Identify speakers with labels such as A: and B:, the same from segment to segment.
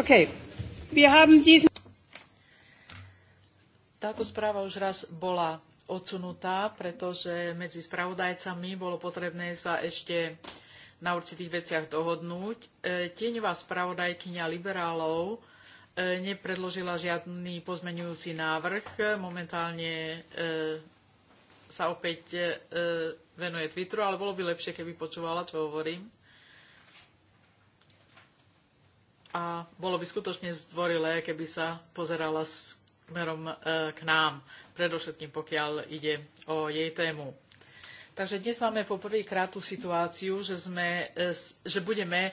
A: Okay. Táto správa už raz bola odsunutá, pretože medzi spravodajcami bolo potrebné sa ešte na určitých veciach dohodnúť. E, tieňová spravodajkyňa liberálov e, nepredložila žiadny pozmenujúci návrh. Momentálne e, sa opäť venuje Twitteru, ale bolo by lepšie, keby počúvala, čo hovorím. a bolo by skutočne zdvorilé, keby sa pozerala smerom e, k nám, predovšetkým pokiaľ ide o jej tému. Takže dnes máme poprvýkrát tú situáciu, že, sme, e, že budeme e,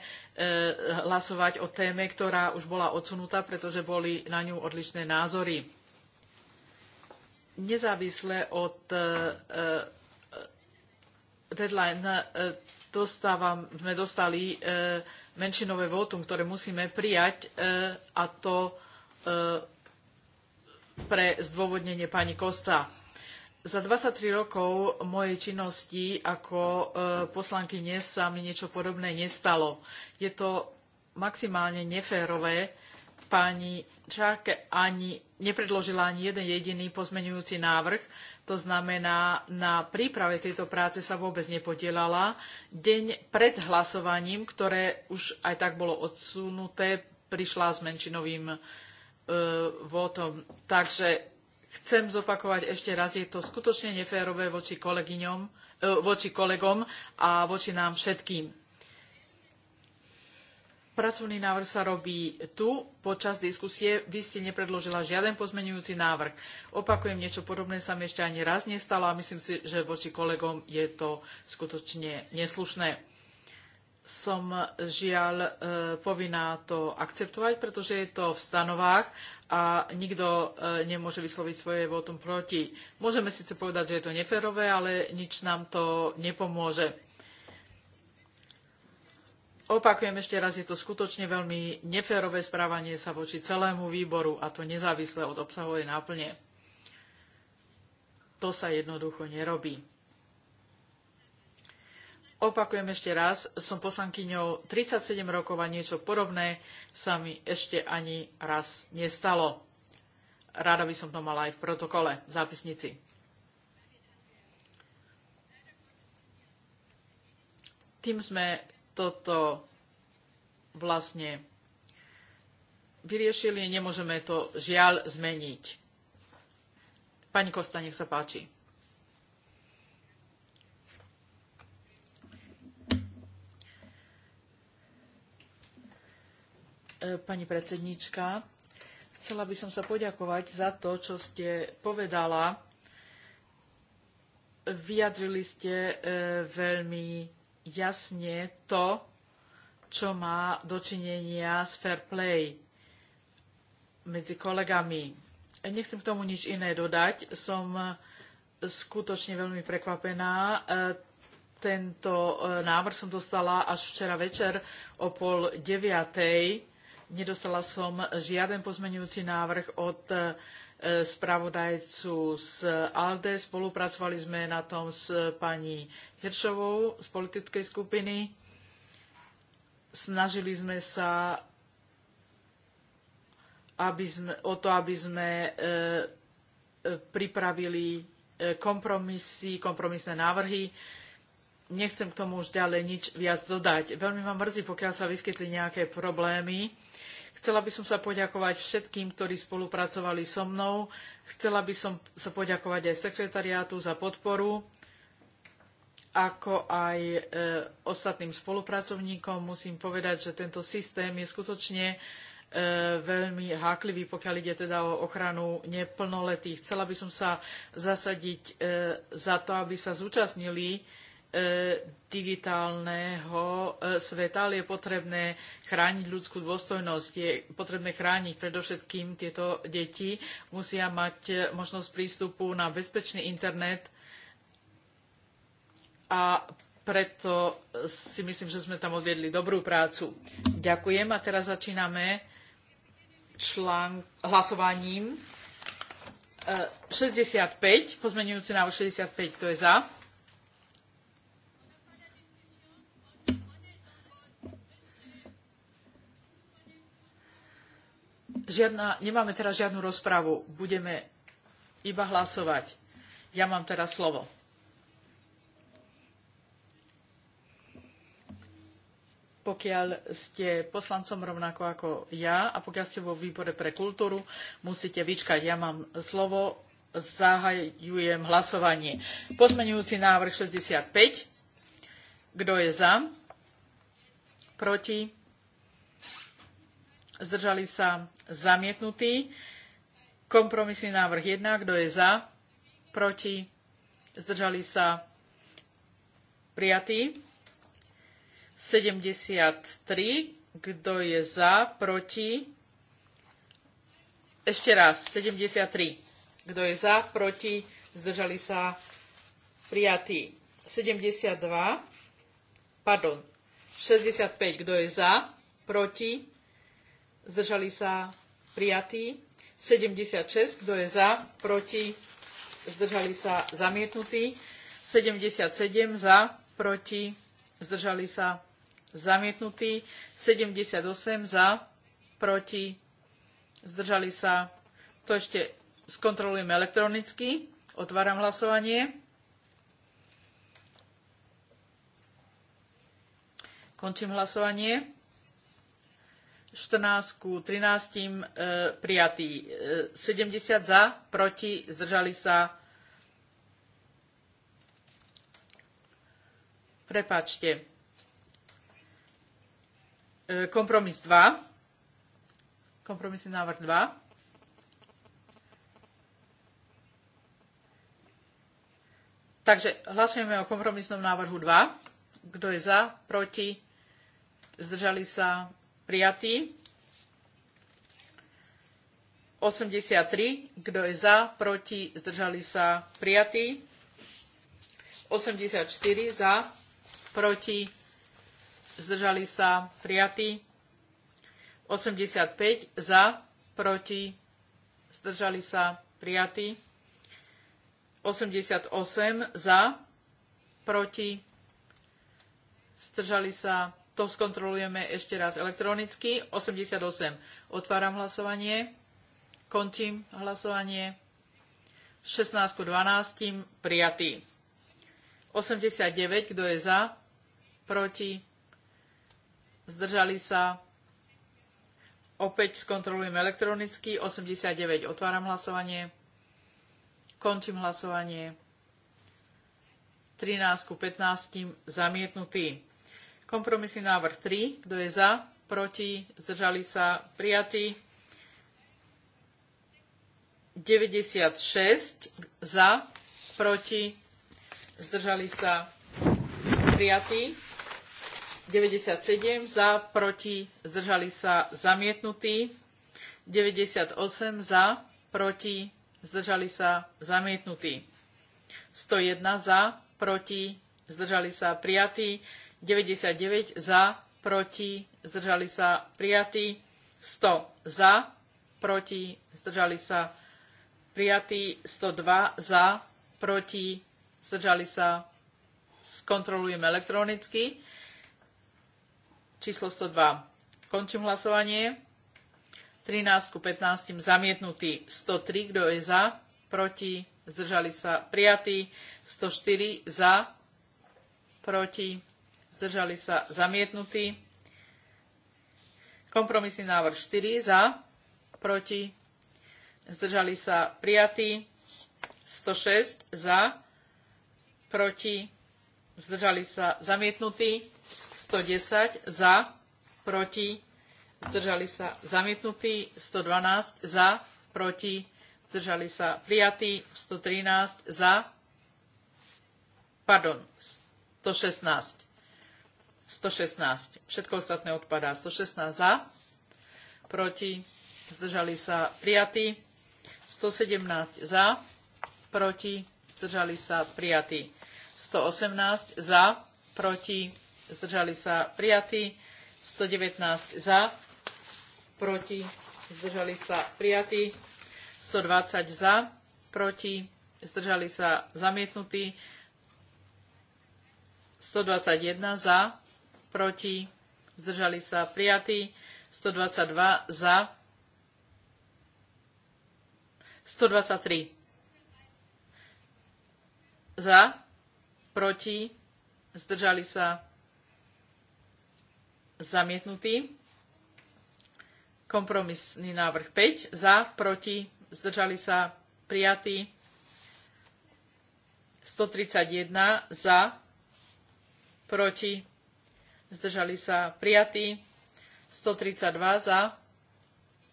A: hlasovať o téme, ktorá už bola odsunutá, pretože boli na ňu odlišné názory. Nezávisle od deadline e, dostávam, sme dostali e, menšinové votum, ktoré musíme prijať e, a to pre zdôvodnenie pani Kosta. Za 23 rokov mojej činnosti ako poslankyne sa mi niečo podobné nestalo. Je to maximálne neférové. Pani Čáke ani nepredložila ani jeden jediný pozmenujúci návrh, to znamená, na príprave tejto práce sa vôbec nepodielala. Deň pred hlasovaním, ktoré už aj tak bolo odsunuté, prišla s menšinovým e, votom. Takže chcem zopakovať ešte raz, je to skutočne neférové voči, kolegyňom, e, voči kolegom a voči nám všetkým. Pracovný návrh sa robí tu. Počas diskusie vy ste nepredložila žiaden pozmenujúci návrh. Opakujem, niečo podobné sa mi ešte ani raz nestalo a myslím si, že voči kolegom je to skutočne neslušné. Som žiaľ e, povinná to akceptovať, pretože je to v stanovách a nikto e, nemôže vysloviť svoje votum proti. Môžeme síce povedať, že je to neférové, ale nič nám to nepomôže Opakujem ešte raz, je to skutočne veľmi neférové správanie sa voči celému výboru a to nezávisle od obsahovej náplne. To sa jednoducho nerobí. Opakujem ešte raz, som poslankyňou 37 rokov a niečo podobné sa mi ešte ani raz nestalo. Ráda by som to mala aj v protokole, v zápisnici. Tým sme toto vlastne vyriešili, nemôžeme to žiaľ zmeniť. Pani Kosta, nech sa páči. E, pani predsednička, chcela by som sa poďakovať za to, čo ste povedala. Vyjadrili ste e, veľmi jasne to, čo má dočinenia s fair play medzi kolegami. Nechcem k tomu nič iné dodať. Som eh, skutočne veľmi prekvapená. Eh, tento eh, návrh som dostala až včera večer o pol deviatej. Nedostala som žiaden pozmenujúci návrh od spravodajcu z ALDE. Spolupracovali sme na tom s pani Hiršovou z politickej skupiny. Snažili sme sa aby sme, o to, aby sme e, pripravili e, kompromisy, kompromisné návrhy. Nechcem k tomu už ďalej nič viac dodať. Veľmi ma mrzí, pokiaľ sa vyskytli nejaké problémy Chcela by som sa poďakovať všetkým, ktorí spolupracovali so mnou. Chcela by som sa poďakovať aj sekretariátu za podporu, ako aj e, ostatným spolupracovníkom. Musím povedať, že tento systém je skutočne e, veľmi háklivý, pokiaľ ide teda o ochranu neplnoletých. Chcela by som sa zasadiť e, za to, aby sa zúčastnili E, digitálneho e, sveta, ale je potrebné chrániť ľudskú dôstojnosť, je potrebné chrániť predovšetkým tieto deti, musia mať e, možnosť prístupu na bezpečný internet a preto si myslím, že sme tam odviedli dobrú prácu. Ďakujem a teraz začíname člán, hlasovaním. 65, pozmenujúci návrh 65, kto je za? Žiadna, nemáme teraz žiadnu rozpravu. Budeme iba hlasovať. Ja mám teraz slovo. pokiaľ ste poslancom rovnako ako ja a pokiaľ ste vo výbore pre kultúru, musíte vyčkať. Ja mám slovo, zahajujem hlasovanie. Pozmenujúci návrh 65. Kto je za? Proti? zdržali sa zamietnutí. Kompromisný návrh 1, kto je za, proti, zdržali sa prijatí. 73, kto je za, proti, ešte raz, 73, kto je za, proti, zdržali sa prijatí. 72, pardon, 65, kto je za, proti, zdržali sa prijatí. 76, kto je za, proti, zdržali sa zamietnutí. 77 za, proti, zdržali sa zamietnutí. 78 za, proti, zdržali sa. To ešte skontrolujeme elektronicky. Otváram hlasovanie. Končím hlasovanie. 14 ku 13 e, prijatý. E, 70 za, proti, zdržali sa. Prepačte. E, kompromis 2. Kompromisný návrh 2. Takže hlasujeme o kompromisnom návrhu 2. Kto je za, proti, zdržali sa, prijatý. 83, kto je za, proti, zdržali sa, prijatý. 84 za, proti, zdržali sa, prijatý. 85 za, proti, zdržali sa, prijatý. 88 za, proti, zdržali sa, to skontrolujeme ešte raz elektronicky. 88. Otváram hlasovanie. Končím hlasovanie. 16 ku 12. Prijatý. 89. Kto je za? Proti? Zdržali sa? Opäť skontrolujem elektronicky. 89. Otváram hlasovanie. Končím hlasovanie. 13 ku 15. Zamietnutý. Kompromisný návrh 3. Kto je za? Proti? Zdržali sa? Prijatý. 96 za, proti, zdržali sa prijatí. 97 za, proti, zdržali sa zamietnutí. 98 za, proti, zdržali sa zamietnutí. 101 za, proti, zdržali sa prijatí. 99 za, proti, zdržali sa prijatí. 100 za, proti, zdržali sa prijatí. 102 za, proti, zdržali sa. Skontrolujeme elektronicky. Číslo 102. Končím hlasovanie. 13 ku 15 zamietnutý 103, kto je za, proti, zdržali sa prijatí, 104 za, proti, zdržali sa zamietnutí. Kompromisný návrh 4 za, proti, zdržali sa prijatí. 106 za, proti, zdržali sa zamietnutí. 110 za, proti, zdržali sa zamietnutí. 112 za, proti, zdržali sa prijatí. 113 za, pardon, 116 116. Všetko ostatné odpadá. 116 za, proti, zdržali sa prijatí. 117 za, proti, zdržali sa prijatí. 118 za, proti, zdržali sa prijatí. 119 za, proti, zdržali sa prijatí. 120 za, proti, zdržali sa zamietnutí. 121 za, proti, zdržali sa prijatí, 122 za, 123 za, proti, zdržali sa zamietnutí. Kompromisný návrh 5 za, proti, zdržali sa prijatí. 131 za, proti, zdržali sa prijatí, 132 za,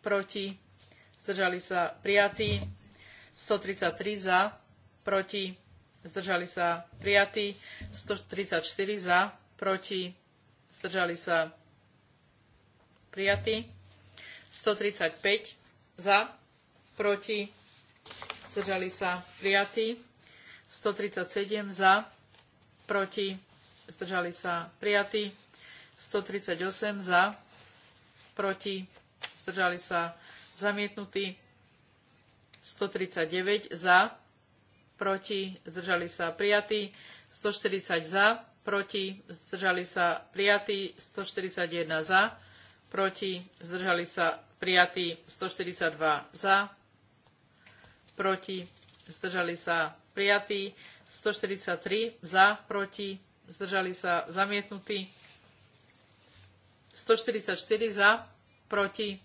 A: proti, zdržali sa prijatí, 133 za, proti, zdržali sa prijatí, 134 za, proti, zdržali sa prijatí, 135 za, proti, zdržali sa prijatí, 137 za, proti, zdržali sa prijatí, 138 za, proti, zdržali sa zamietnutí, 139 za, proti, zdržali sa prijatí, 140 za, proti, zdržali sa prijatí, 141 za, proti, zdržali sa prijatí, 142 za, proti, zdržali sa prijatí, 143 za, proti, zdržali sa zamietnutí, 144 za, proti,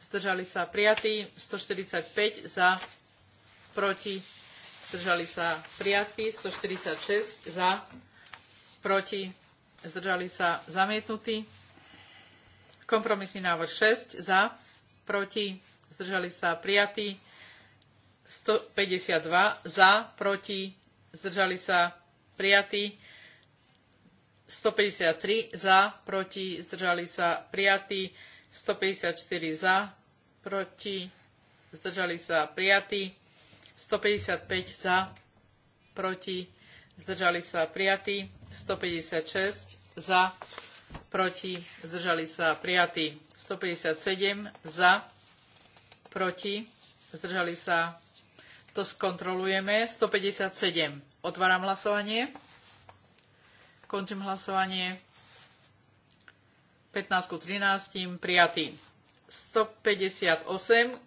A: zdržali sa prijatí, 145 za, proti, zdržali sa prijatí, 146 za, proti, zdržali sa zamietnutí. Kompromisný návrh 6 za, proti, zdržali sa prijatí, 152 za, proti, zdržali sa prijatí, 153 za, proti, zdržali sa prijatí. 154 za, proti, zdržali sa prijatí. 155 za, proti, zdržali sa prijatí. 156 za, proti, zdržali sa prijatí. 157 za, proti, zdržali sa. To skontrolujeme. 157. Otváram hlasovanie. Končím hlasovanie. 15 ku 13 prijatý. 158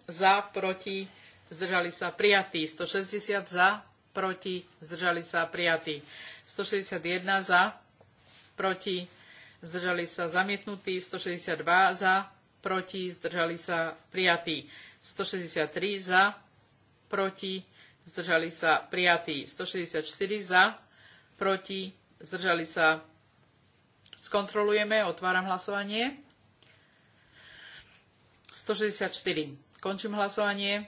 A: za, proti, zdržali sa prijatí. 160 za, proti, zdržali sa prijatí. 161 za, proti, zdržali sa zamietnutí. 162 za, proti, zdržali sa prijatí. 163 za, proti, zdržali sa prijatí. 164 za, proti, zdržali sa, skontrolujeme, otváram hlasovanie. 164. Končím hlasovanie.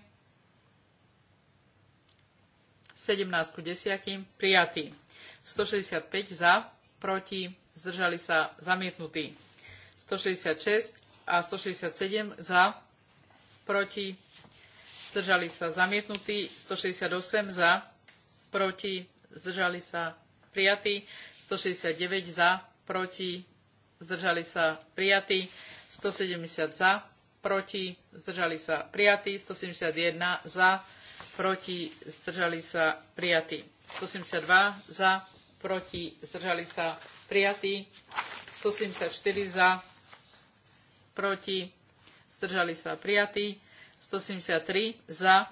A: 17 ku 10. Prijatý. 165 za, proti, zdržali sa, zamietnutí. 166 a 167 za, proti, zdržali sa, zamietnutí, 168 za, proti, zdržali sa, prijatý. 169 za, proti, zdržali sa prijatí. 170 za, proti, zdržali sa prijatí. 171 za, proti, zdržali sa prijatí. 172 za, proti, zdržali sa prijatí. 174 za, proti, zdržali sa prijatí. 173 za,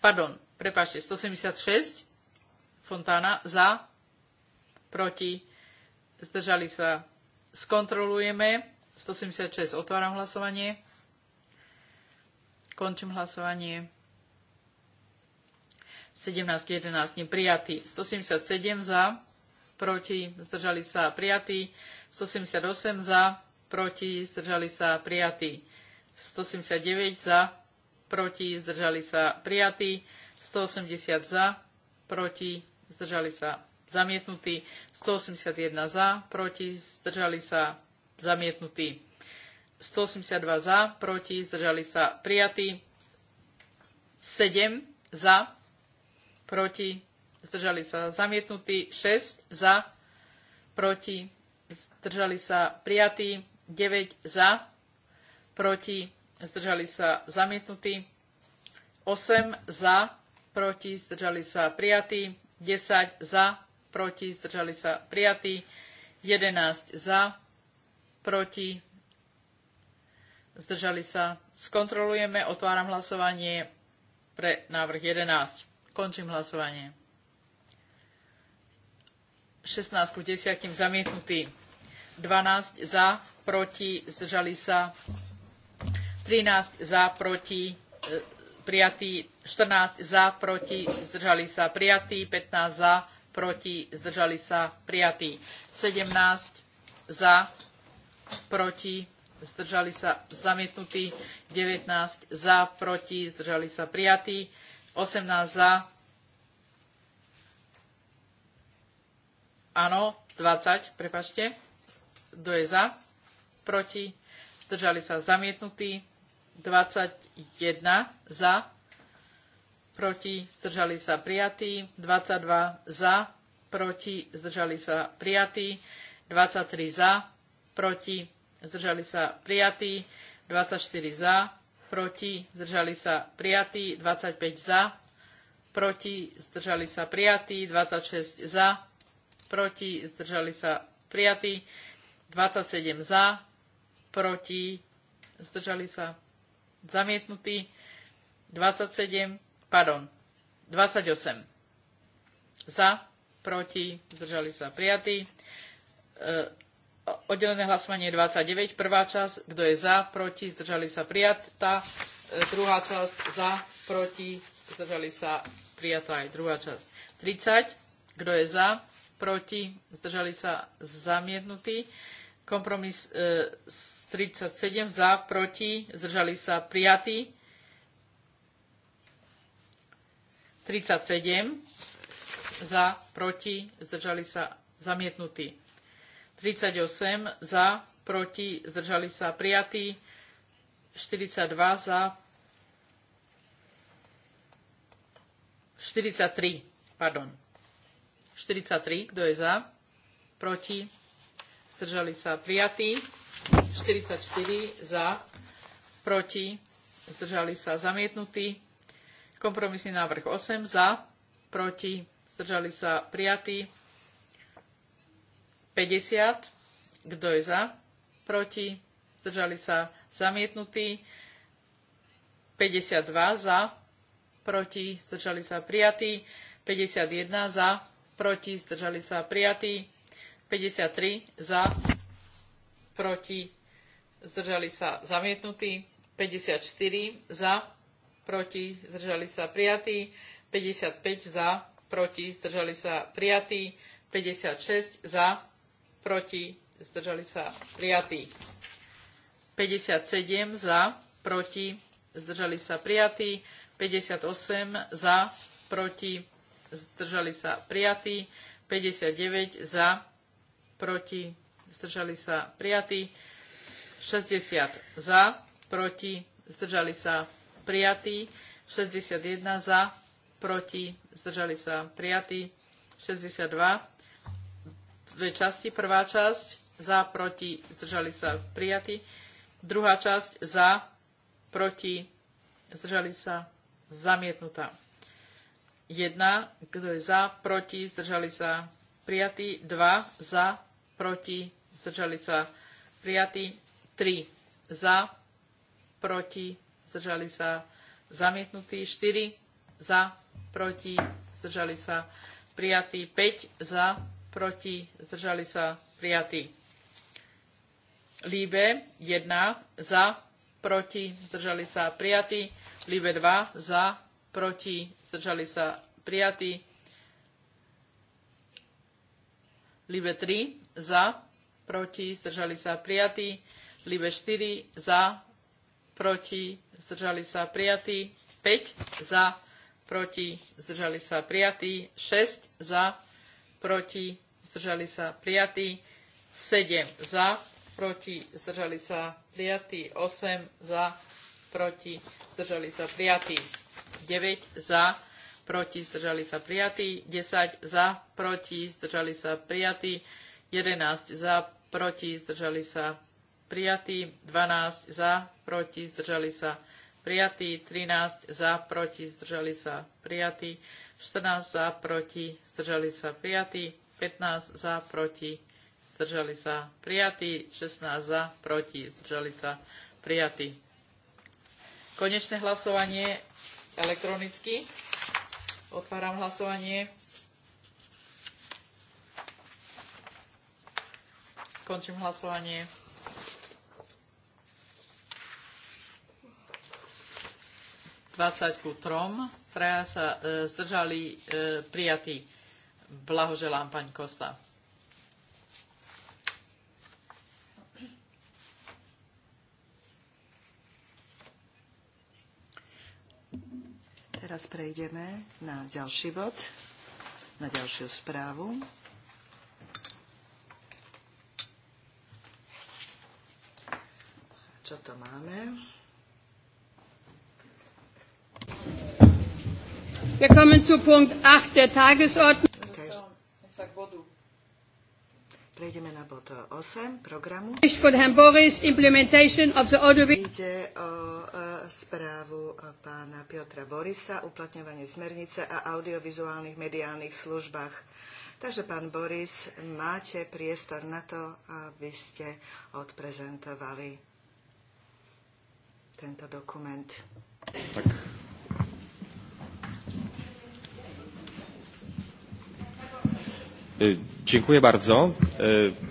A: pardon, prepáčte, 176 Fontána za, proti, zdržali sa. Skontrolujeme. 176, otváram hlasovanie. Končím hlasovanie. 17 11 neprijatý. 177 za, proti, zdržali sa prijatí. 178 za, proti, zdržali sa prijatí. 179 za, proti, zdržali sa prijatí. 180 za, proti, zdržali sa zamietnutí, 181 za, proti, zdržali sa zamietnutí, 182 za, proti, zdržali sa prijatí, 7 za, proti, zdržali sa zamietnutí, 6 za, proti, zdržali sa prijatí, 9 za, proti, zdržali sa zamietnutí, 8 za, proti, zdržali sa prijatí, 10 za, proti, zdržali sa prijatí, 11 za, proti, zdržali sa. Skontrolujeme, otváram hlasovanie pre návrh 11. Končím hlasovanie. 16 ku 10 zamietnutý. 12 za, proti, zdržali sa. 13 za, proti, e, prijatý, 14 za, proti, zdržali sa prijatý, 15 za, proti, zdržali sa prijatý, 17 za, proti, zdržali sa zamietnutí, 19 za, proti, zdržali sa prijatí, 18 za, áno, 20, prepačte, kto je za, proti, zdržali sa zamietnutí, 21 za, proti, zdržali sa prijatí, 22 za, proti, zdržali sa prijatí, 23 za, proti, zdržali sa prijatí, 24 za, proti, zdržali sa prijatí, 25 za, proti, zdržali sa prijatí, 26 za, proti, zdržali sa prijatí, 27 za, proti, zdržali sa Zamietnutý. 27, pardon, 28. Za, proti, zdržali sa prijatí. E, oddelené hlasovanie 29, prvá časť, kto je za, proti, zdržali sa prijatá. E, druhá časť, za, proti, zdržali sa prijatá aj druhá časť. 30, kto je za, proti, zdržali sa zamietnutí. Kompromis e, 37 za, proti, zdržali sa prijatí. 37 za, proti, zdržali sa zamietnutí. 38 za, proti, zdržali sa prijatí. 42 za, 43, pardon. 43, kto je za? Proti? zdržali sa prijatí, 44 za, proti, zdržali sa zamietnutí, kompromisný návrh 8 za, proti, zdržali sa prijatí, 50, kto je za, proti, zdržali sa zamietnutí, 52 za, proti, zdržali sa prijatí, 51 za, proti, zdržali sa prijatí, 53 za, proti, zdržali sa zamietnutí, 54 za, proti, zdržali sa prijatí, 55 za, proti, zdržali sa prijatí, 56 za, proti, zdržali sa prijatí. 57 za, proti, zdržali sa prijatí, 58 za, proti, zdržali sa prijatí, 59 za, proti, zdržali sa prijatí. 60 za, proti, zdržali sa prijatí. 61 za, proti, zdržali sa prijatí. 62 dve časti. Prvá časť za, proti, zdržali sa prijatí. Druhá časť za, proti, zdržali sa zamietnutá. 1, kto je za, proti, zdržali sa prijatí. 2, za, proti, zdržali sa prijatí, 3 za, proti, zdržali sa zamietnutí, 4 za, proti, zdržali sa prijatí, 5 za, proti, zdržali sa prijatí. Líbe 1 za, proti, zdržali sa prijatí, Líbe 2 za, proti, zdržali sa prijatí, Libe 3 za, proti, zdržali sa prijatí. Libe 4 za, proti, zdržali sa prijatí. 5 za, proti, zdržali sa prijatí. 6 za, proti, zdržali sa prijatí. 7 za, proti, zdržali sa prijatí. 8 za, proti, zdržali sa prijatí. 9 za, proti, zdržali sa prijatí. 10 za, proti, zdržali sa prijatí. 11 za, proti, zdržali sa prijatí, 12 za, proti, zdržali sa prijatí, 13 za, proti, zdržali sa prijatí, 14 za, proti, zdržali sa prijatí, 15 za, proti, zdržali sa prijatí, 16 za, proti, zdržali sa prijatí. Konečné hlasovanie elektronicky. Otváram hlasovanie. Končím hlasovanie. Dvadsať ku trom. Traja sa e, zdržali e, prijatí. Blahoželám, pani Kosta.
B: Teraz prejdeme na ďalší bod, na ďalšiu správu. čo to máme.
A: Wir kommen zu Punkt 8 der Tagesordnung.
B: Prejdeme na bod 8 programu. Ide o e, správu pána Piotra Borisa, uplatňovanie smernice a audiovizuálnych mediálnych službách. Takže, pán Boris, máte priestor na to, aby ste odprezentovali tento dokument. Tak.
C: Dziękuję bardzo.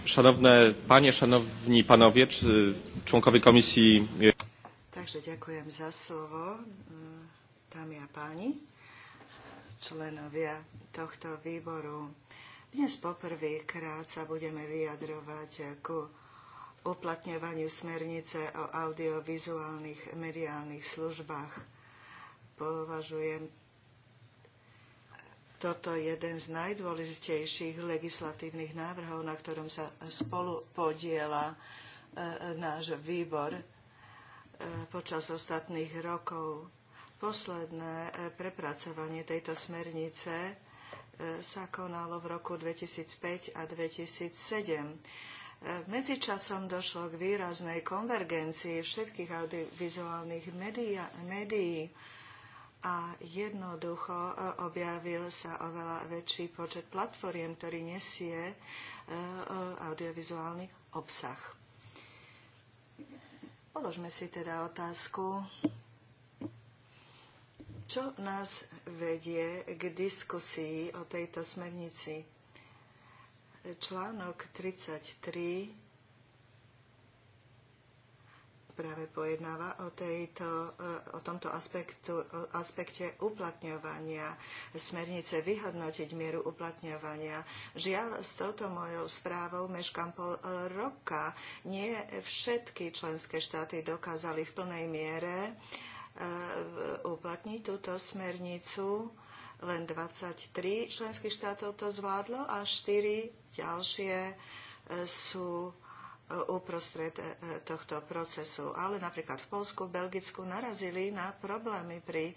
C: Szanowne panie, szanowni panowie, członkowie komisji.
B: Także dziękuję za słowo, Tam ja pani, członowie tohto wyboru. Dnes po poprvýkrát sa budeme vyjadrovať ku uplatňovaniu smernice o audiovizuálnych mediálnych službách. Považujem toto jeden z najdôležitejších legislatívnych návrhov, na ktorom sa spolu podiela e, náš výbor e, počas ostatných rokov. Posledné e, prepracovanie tejto smernice sa konalo v roku 2005 a 2007 Medzičasom došlo k výraznej konvergencii všetkých audiovizuálnych médií a jednoducho e, objavil sa oveľa väčší počet platformiem, ktorý nesie e, e, audiovizuálny obsah. Položme si teda otázku, čo nás vedie k diskusii o tejto smernici Článok 33 práve pojednáva o, tejto, o tomto aspektu, o aspekte uplatňovania smernice, vyhodnotiť mieru uplatňovania. Žiaľ, s touto mojou správou meškam pol roka. Nie všetky členské štáty dokázali v plnej miere e, uplatniť túto smernicu len 23 členských štátov to zvládlo a 4 Ďalšie e, sú e, uprostred e, tohto procesu. Ale napríklad v Polsku, v Belgicku narazili na problémy pri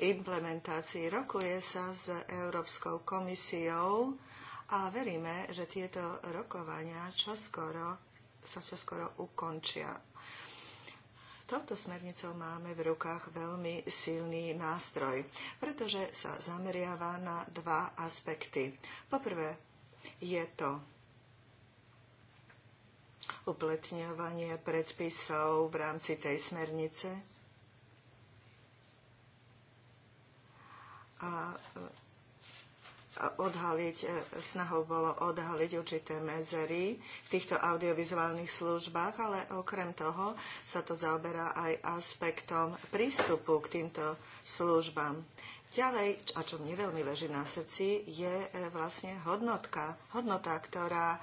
B: implementácii. Rokuje sa s Európskou komisiou a veríme, že tieto rokovania čoskoro, sa čoskoro ukončia. Touto smernicou máme v rukách veľmi silný nástroj, pretože sa zameriava na dva aspekty. Poprvé, je to upletňovanie predpisov v rámci tej smernice. A odhaliť, snahou bolo odhaliť určité mezery v týchto audiovizuálnych službách, ale okrem toho sa to zaoberá aj aspektom prístupu k týmto službám. Ďalej, a čo mne veľmi leží na srdci, je e, vlastne hodnotka, hodnota, ktorá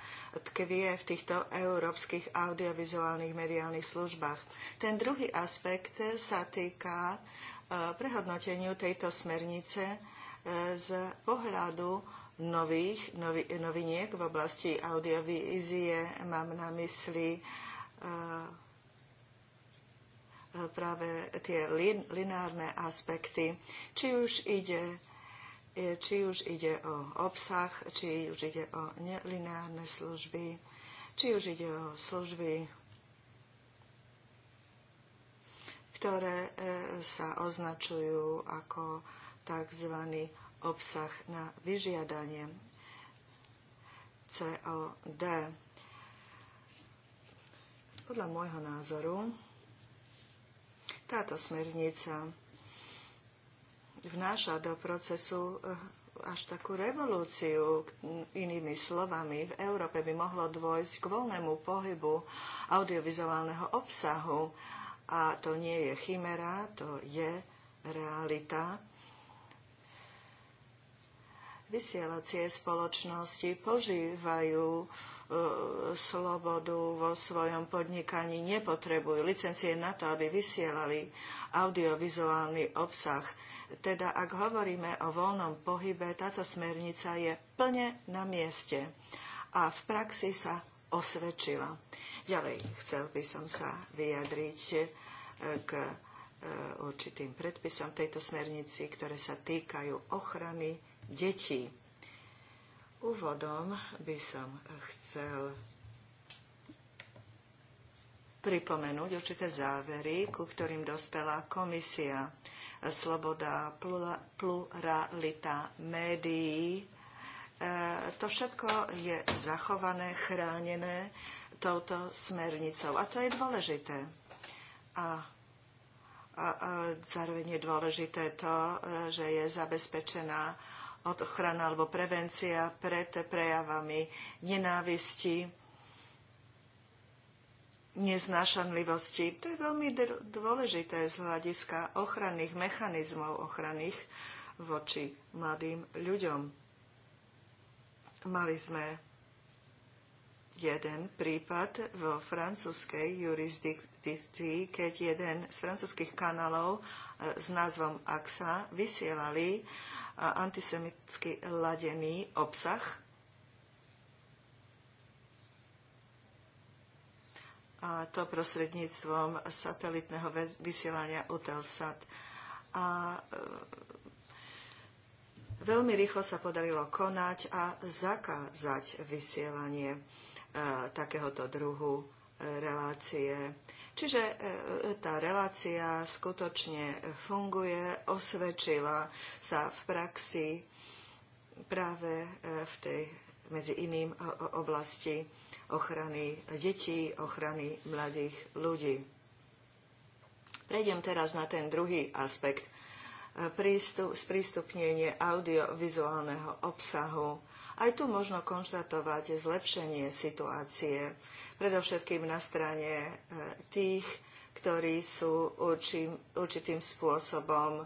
B: tkvie v týchto európskych audiovizuálnych mediálnych službách. Ten druhý aspekt sa týka e, prehodnoteniu tejto smernice e, z pohľadu nových novi, noviniek v oblasti audiovízie. Mám na mysli práve tie lin, lineárne aspekty, či už ide e, či už ide o obsah, či už ide o nelineárne služby, či už ide o služby, ktoré e, sa označujú ako tzv. obsah na vyžiadanie COD. Podľa môjho názoru táto smernica vnáša do procesu eh, až takú revolúciu, inými slovami, v Európe by mohlo dôjsť k voľnému pohybu audiovizuálneho obsahu. A to nie je chimera, to je realita. Vysielacie spoločnosti požívajú E, slobodu vo svojom podnikaní, nepotrebujú licencie na to, aby vysielali audiovizuálny obsah. Teda ak hovoríme o voľnom pohybe, táto smernica je plne na mieste a v praxi sa osvedčila. Ďalej chcel by som sa vyjadriť e, k e, určitým predpisom tejto smernici, ktoré sa týkajú ochrany detí Úvodom by som chcel pripomenúť určité závery, ku ktorým dospela komisia. Sloboda, pluralita médií, e, to všetko je zachované, chránené touto smernicou. A to je dôležité. A a, a zároveň je dôležité to, e, že je zabezpečená ochrana alebo prevencia pred prejavami nenávisti, neznášanlivosti. To je veľmi dôležité z hľadiska ochranných mechanizmov ochranných voči mladým ľuďom. Mali sme jeden prípad vo francúzskej jurisdikcii, keď jeden z francúzských kanálov eh, s názvom AXA vysielali uh, a antisemitsky ladený obsah. A to prostredníctvom satelitného vysielania Utelsat. A e, veľmi rýchlo sa podarilo konať a zakázať vysielanie e, takéhoto druhu e, relácie Čiže e, e, tá relácia skutočne funguje, osvedčila sa v praxi práve e, v tej medzi iným oblasti ochrany detí, ochrany mladých ľudí. Prejdem teraz na ten druhý aspekt, prístup, sprístupnenie audiovizuálneho obsahu aj tu možno konštatovať zlepšenie situácie, predovšetkým na strane e, tých, ktorí sú určím, určitým spôsobom e,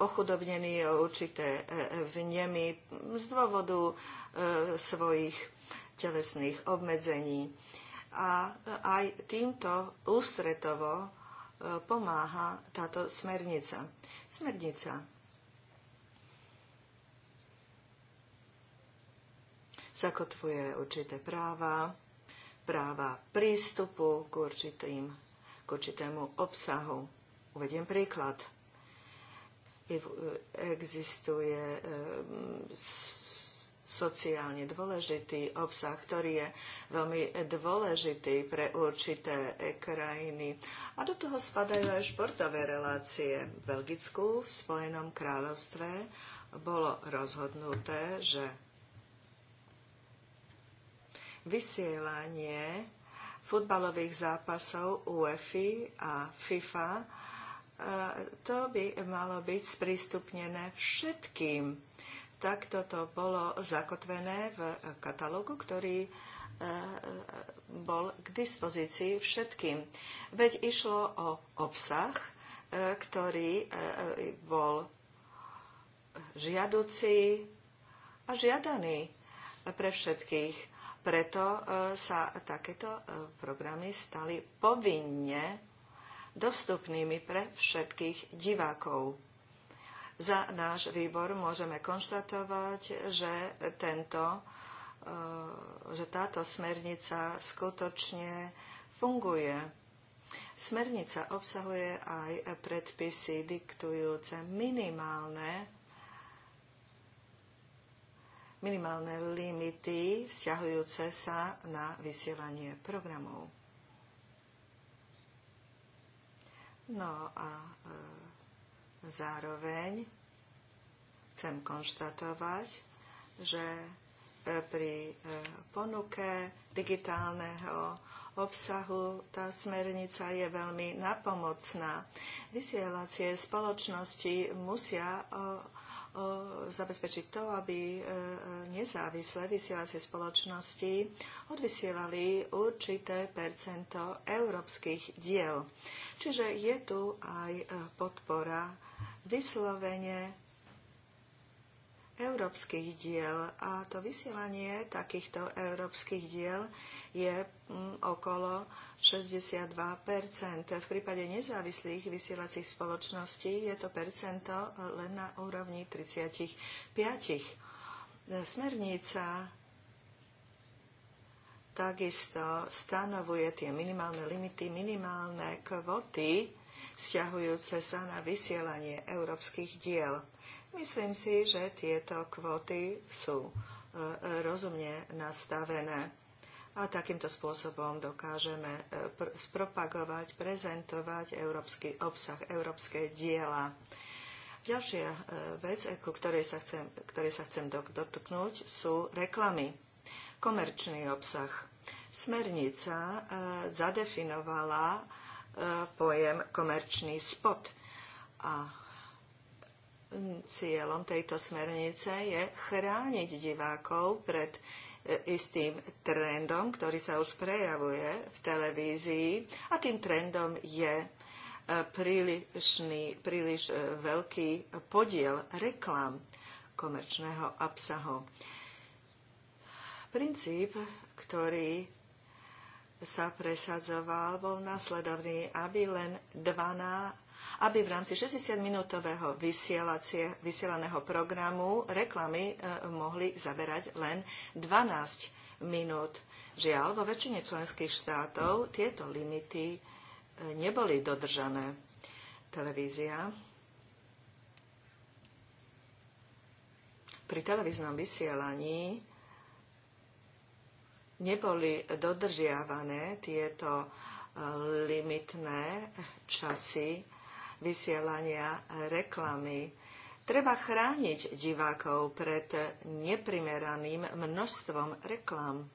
B: ochudobnení o e, určité vnemy z dôvodu svojich telesných obmedzení. A aj týmto ústretovo pomáha táto smernica. Smernica zakotvuje určité práva, práva prístupu k, určitým, k určitému obsahu. Uvediem príklad. Existuje ehm, sociálne dôležitý obsah, ktorý je veľmi dôležitý pre určité e, krajiny. A do toho spadajú aj športové relácie. V Belgicku, v Spojenom kráľovstve bolo rozhodnuté, že vysielanie futbalových zápasov UEFI a FIFA. E, to by malo byť sprístupnené všetkým. Takto to bolo zakotvené v katalógu, ktorý e, e, bol k dispozícii všetkým. Veď išlo o obsah, ktorý bol žiaducí a žiadaný pre všetkých preto e, sa takéto e, programy stali povinne dostupnými pre všetkých divákov. Za náš výbor môžeme konštatovať, že, tento, e, že táto smernica skutočne funguje. Smernica obsahuje aj predpisy diktujúce minimálne minimálne limity vzťahujúce sa na vysielanie programov. No a e, zároveň chcem konštatovať, že e, pri e, ponuke digitálneho obsahu tá smernica je veľmi napomocná. Vysielacie spoločnosti musia zabezpečiť to, aby e, nezávislé vysielacie spoločnosti odvysielali určité percento európskych diel. Čiže je tu aj e, podpora vyslovene európskych diel a to vysielanie takýchto európskych diel je okolo 62 V prípade nezávislých vysielacích spoločností je to percento len na úrovni 35 Smernica takisto stanovuje tie minimálne limity, minimálne kvoty vzťahujúce sa na vysielanie európskych diel. Myslím si, že tieto kvóty sú e, rozumne nastavené a takýmto spôsobom dokážeme e, spropagovať, prezentovať európsky obsah, európske diela. Ďalšia e, vec, e, ku ktorej sa chcem, ktorej sa chcem dotknúť, sú reklamy. Komerčný obsah. Smernica zadefinovala pojem komerčný spot. A cieľom tejto smernice je chrániť divákov pred E, istým trendom, ktorý sa už prejavuje v televízii a tým trendom je e, prílišný, príliš e, veľký podiel reklám komerčného obsahu. Princíp, ktorý sa presadzoval, bol následovný, aby len 12 aby v rámci 60-minútového vysielaného programu reklamy e, mohli zaberať len 12 minút. Žiaľ, vo väčšine členských štátov tieto limity e, neboli dodržané. Televízia pri televíznom vysielaní neboli dodržiavané tieto e, limitné časy vysielania reklamy. Treba chrániť divákov pred neprimeraným množstvom reklam.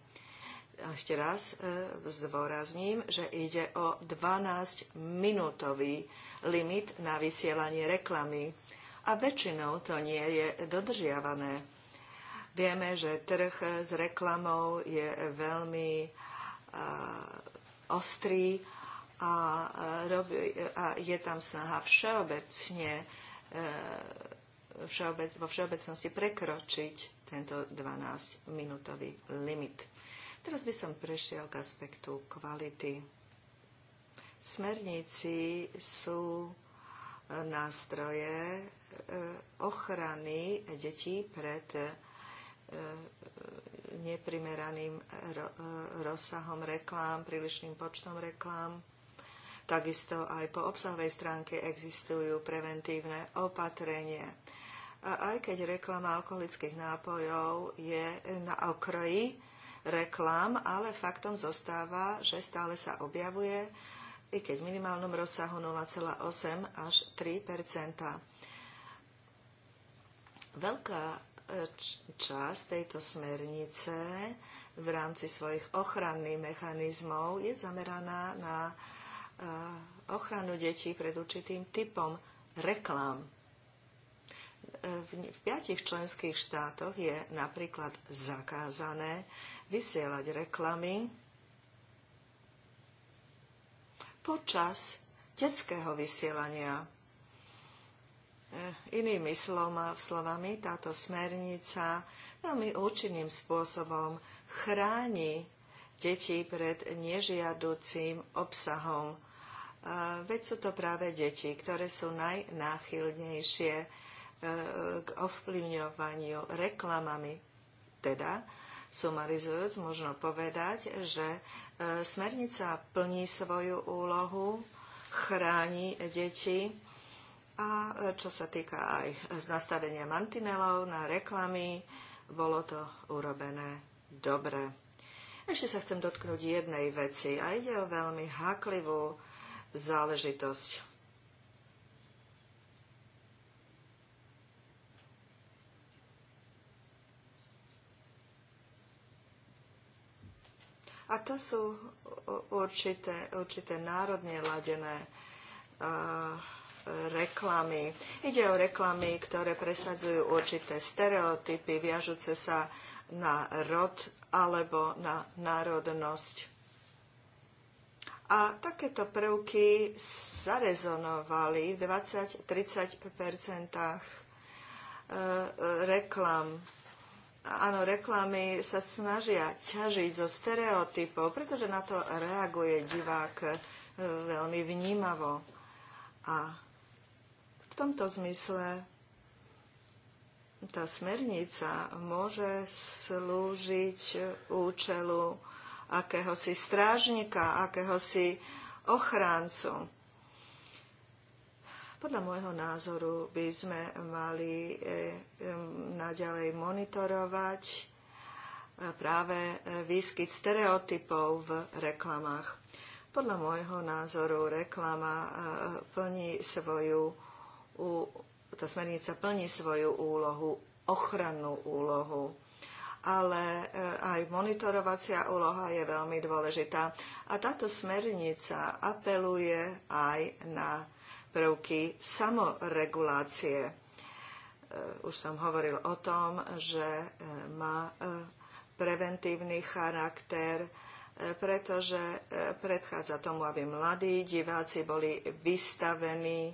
B: Ešte raz e, zdôrazním, že ide o 12-minútový limit na vysielanie reklamy a väčšinou to nie je dodržiavané. Vieme, že trh s reklamou je veľmi e, ostrý a, robí, a je tam snaha všeobecne, e, všeobec, vo všeobecnosti prekročiť tento 12-minútový limit. Teraz by som prešiel k aspektu kvality. Smerníci smernici sú e, nástroje e, ochrany detí pred neprimeraným rozsahom reklám, prílišným počtom reklám. Takisto aj po obsahovej stránke existujú preventívne opatrenie. A aj keď reklama alkoholických nápojov je na okroji reklám, ale faktom zostáva, že stále sa objavuje, i keď v minimálnom rozsahu 0,8 až 3 Veľká e, časť tejto smernice v rámci svojich ochranných mechanizmov je zameraná na ochranu detí pred určitým typom reklám. V piatich členských štátoch je napríklad zakázané vysielať reklamy počas detského vysielania. Eh, inými slovami, táto smernica veľmi účinným spôsobom chráni deti pred nežiaducím obsahom veď sú to práve deti, ktoré sú najnáchylnejšie e, k ovplyvňovaniu reklamami. Teda, sumarizujúc, možno povedať, že e, smernica plní svoju úlohu, chráni deti a e, čo sa týka aj nastavenia mantinelov na reklamy, bolo to urobené dobre. Ešte sa chcem dotknúť jednej veci a ide o veľmi háklivú záležitosť. A to sú určité, určité národne ladené uh, reklamy. Ide o reklamy, ktoré presadzujú určité stereotypy, viažúce sa na rod alebo na národnosť. A takéto prvky zarezonovali v 20-30 e, e, reklam. Áno, reklamy sa snažia ťažiť zo stereotypov, pretože na to reaguje divák e, veľmi vnímavo. A v tomto zmysle tá smernica môže slúžiť účelu akéhosi strážnika, akéhosi ochráncu. Podľa môjho názoru by sme mali e, naďalej monitorovať e, práve e, výskyt stereotypov v reklamách. Podľa môjho názoru reklama plní svoju, tá smernica plní svoju úlohu, ochrannú úlohu ale e, aj monitorovacia úloha je veľmi dôležitá. A táto smernica apeluje aj na prvky samoregulácie. E, už som hovoril o tom, že e, má preventívny charakter, pretože predchádza tomu, aby mladí diváci boli vystavení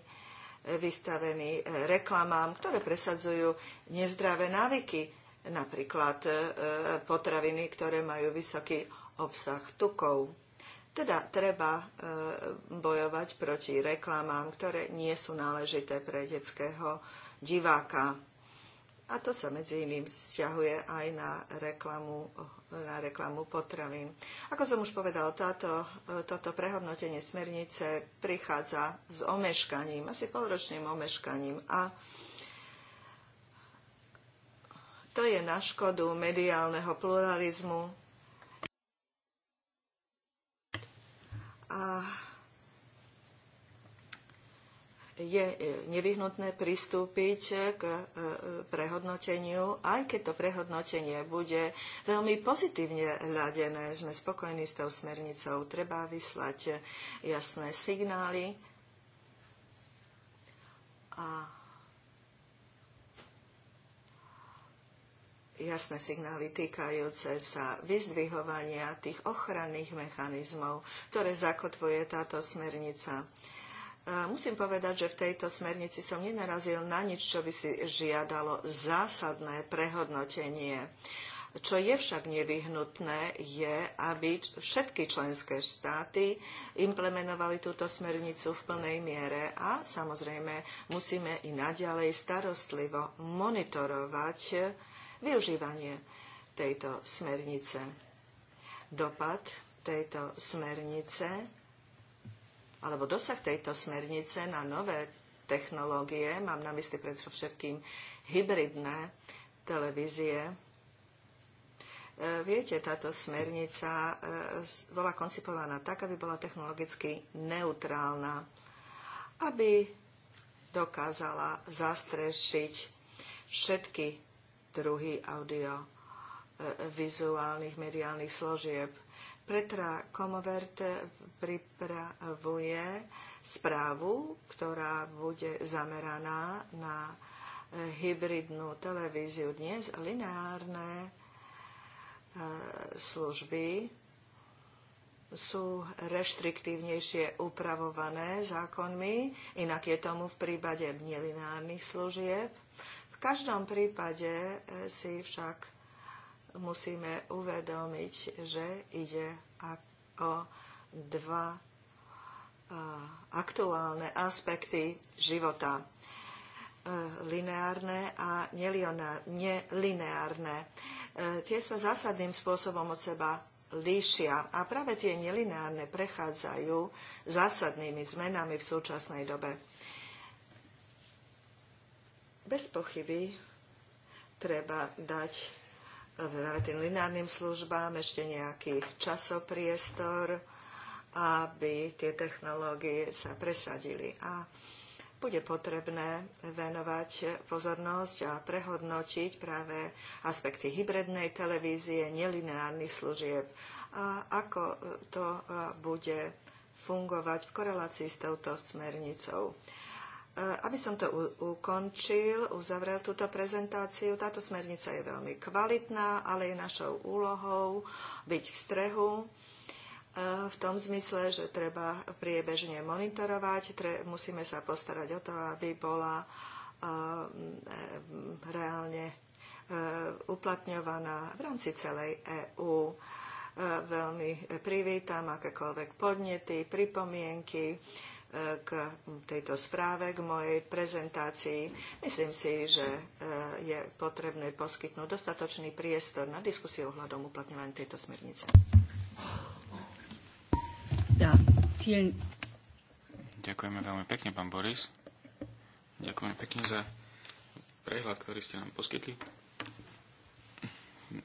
B: vystavení reklamám, ktoré presadzujú nezdravé návyky napríklad e, potraviny, ktoré majú vysoký obsah tukov. Teda treba e, bojovať proti reklamám, ktoré nie sú náležité pre detského diváka. A to sa medzi iným vzťahuje aj na reklamu, na reklamu potravín. Ako som už povedal, táto, e, toto prehodnotenie smernice prichádza s omeškaním, asi polročným omeškaním a to je na škodu mediálneho pluralizmu. A je e, nevyhnutné pristúpiť k e, prehodnoteniu, aj keď to prehodnotenie bude veľmi pozitívne ľadené. Sme spokojní s tou smernicou. Treba vyslať jasné signály. A jasné signály týkajúce sa vyzdvihovania tých ochranných mechanizmov, ktoré zakotvuje táto smernica. E, musím povedať, že v tejto smernici som nenarazil na nič, čo by si žiadalo zásadné prehodnotenie. Čo je však nevyhnutné, je, aby všetky členské štáty implementovali túto smernicu v plnej miere a samozrejme musíme i naďalej starostlivo monitorovať využívanie tejto smernice. Dopad tejto smernice alebo dosah tejto smernice na nové technológie, mám na mysli predovšetkým hybridné televízie. E, viete, táto smernica e, bola koncipovaná tak, aby bola technologicky neutrálna, aby dokázala zastrešiť všetky druhy audiovizuálnych e, mediálnych složieb. Petra Komovert pripravuje správu, ktorá bude zameraná na e, hybridnú televíziu dnes lineárne e, služby sú reštriktívnejšie upravované zákonmi, inak je tomu v prípade nelineárnych služieb v každom prípade e, si však musíme uvedomiť, že ide o dva e, aktuálne aspekty života. E, lineárne a nelineárne. Tie sa zásadným spôsobom od seba líšia a práve tie nelineárne prechádzajú zásadnými zmenami v súčasnej dobe bez pochyby treba eh, dať tým lineárnym službám ešte nejaký časopriestor, aby tie technológie sa presadili. A bude potrebné venovať pozornosť a prehodnotiť práve aspekty hybridnej televízie, nelineárnych služieb a ako eh, to eh, bude fungovať v korelácii s touto smernicou. E, aby som to ukončil, uzavrel túto prezentáciu, táto smernica je veľmi kvalitná, ale je našou úlohou byť v strehu e, v tom zmysle, že treba priebežne monitorovať, musíme sa postarať o to, aby bola e, reálne uplatňovaná v rámci celej EÚ. Veľmi privítam akékoľvek podnety, pripomienky k tejto správe, k mojej prezentácii. Myslím si, že e, je potrebné poskytnúť dostatočný priestor na diskusiu ohľadom uplatňovania tejto smernice. Ja,
C: Ďakujeme veľmi pekne, pán Boris. Ďakujem pekne za prehľad, ktorý ste nám poskytli.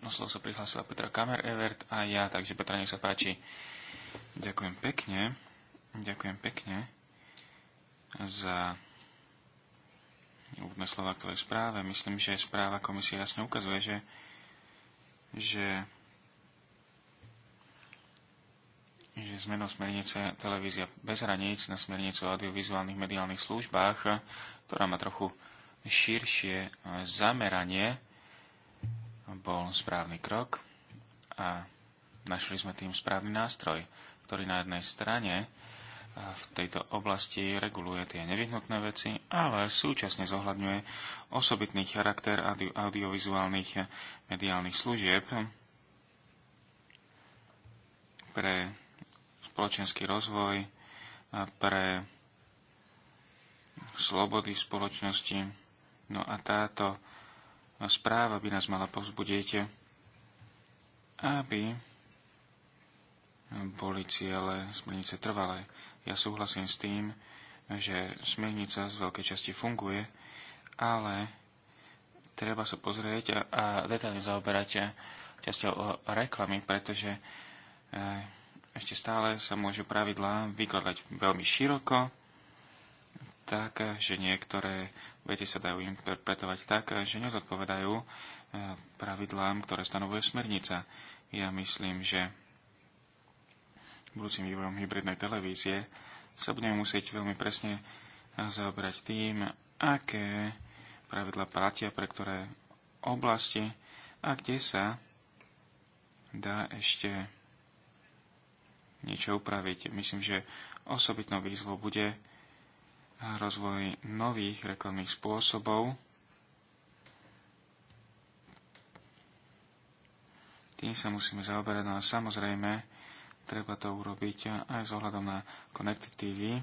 C: No slovo sa prihlásila Petra Kamer, Evert a ja, takže Petra, nech sa páči. Ďakujem pekne. Ďakujem pekne za úvodné slova k tvojej správe. Myslím, že správa komisie jasne ukazuje, že, že, že zmenou smernice televízia bez hraníc na smernicu o audiovizuálnych mediálnych službách, ktorá má trochu širšie zameranie, bol správny krok a našli sme tým správny nástroj, ktorý na jednej strane v tejto oblasti reguluje tie nevyhnutné veci, ale súčasne zohľadňuje osobitný charakter audio, audiovizuálnych mediálnych služieb pre spoločenský rozvoj, pre slobody spoločnosti. No a táto správa by nás mala povzbudiť, aby boli ciele smernice trvalé. Ja súhlasím s tým, že smernica z veľkej časti funguje, ale treba sa pozrieť a, a detaľne zaoberať časťou o reklamy, pretože e, ešte stále sa môžu pravidlá vykladať veľmi široko, tak, že niektoré veci sa dajú interpretovať tak, že nezodpovedajú e, pravidlám, ktoré stanovuje smernica. Ja myslím, že budúcim vývojom hybridnej televízie, sa budeme musieť veľmi presne zaoberať tým, aké pravidla platia pre ktoré oblasti a kde sa dá ešte niečo upraviť. Myslím, že osobitnou výzvou bude rozvoj nových reklamných spôsobov. Tým sa musíme zaoberať, no a samozrejme Treba to urobiť aj z ohľadom na Connected TV.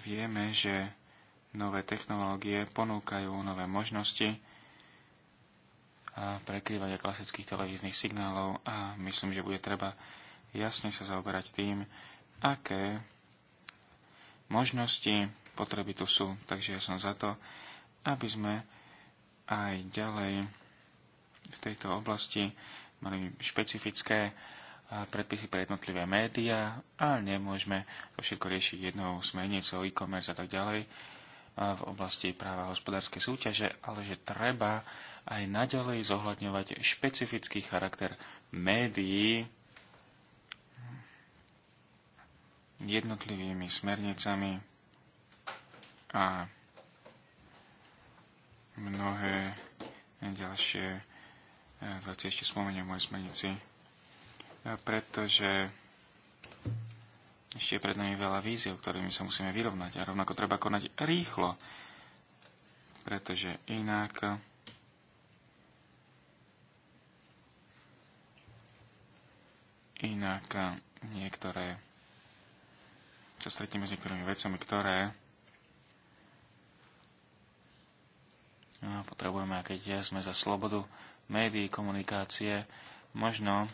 C: Vieme, že nové technológie ponúkajú nové možnosti a prekrývania klasických televíznych signálov a myslím, že bude treba jasne sa zaoberať tým, aké možnosti potreby tu sú. Takže ja som za to, aby sme aj ďalej v tejto oblasti mali špecifické predpisy pre jednotlivé médiá a nemôžeme to všetko riešiť jednou smernicou e-commerce a tak ďalej v oblasti práva hospodárskej súťaže, ale že treba aj naďalej zohľadňovať špecifický charakter médií jednotlivými smernicami a mnohé ďalšie e, veci ešte spomeniem v mojej smernici pretože ešte je pred nami veľa víziev, ktorými sa musíme vyrovnať a rovnako treba konať rýchlo, pretože inak inak niektoré sa stretíme s niektorými vecami, ktoré no, potrebujeme, keď ja sme za slobodu médií, komunikácie, možno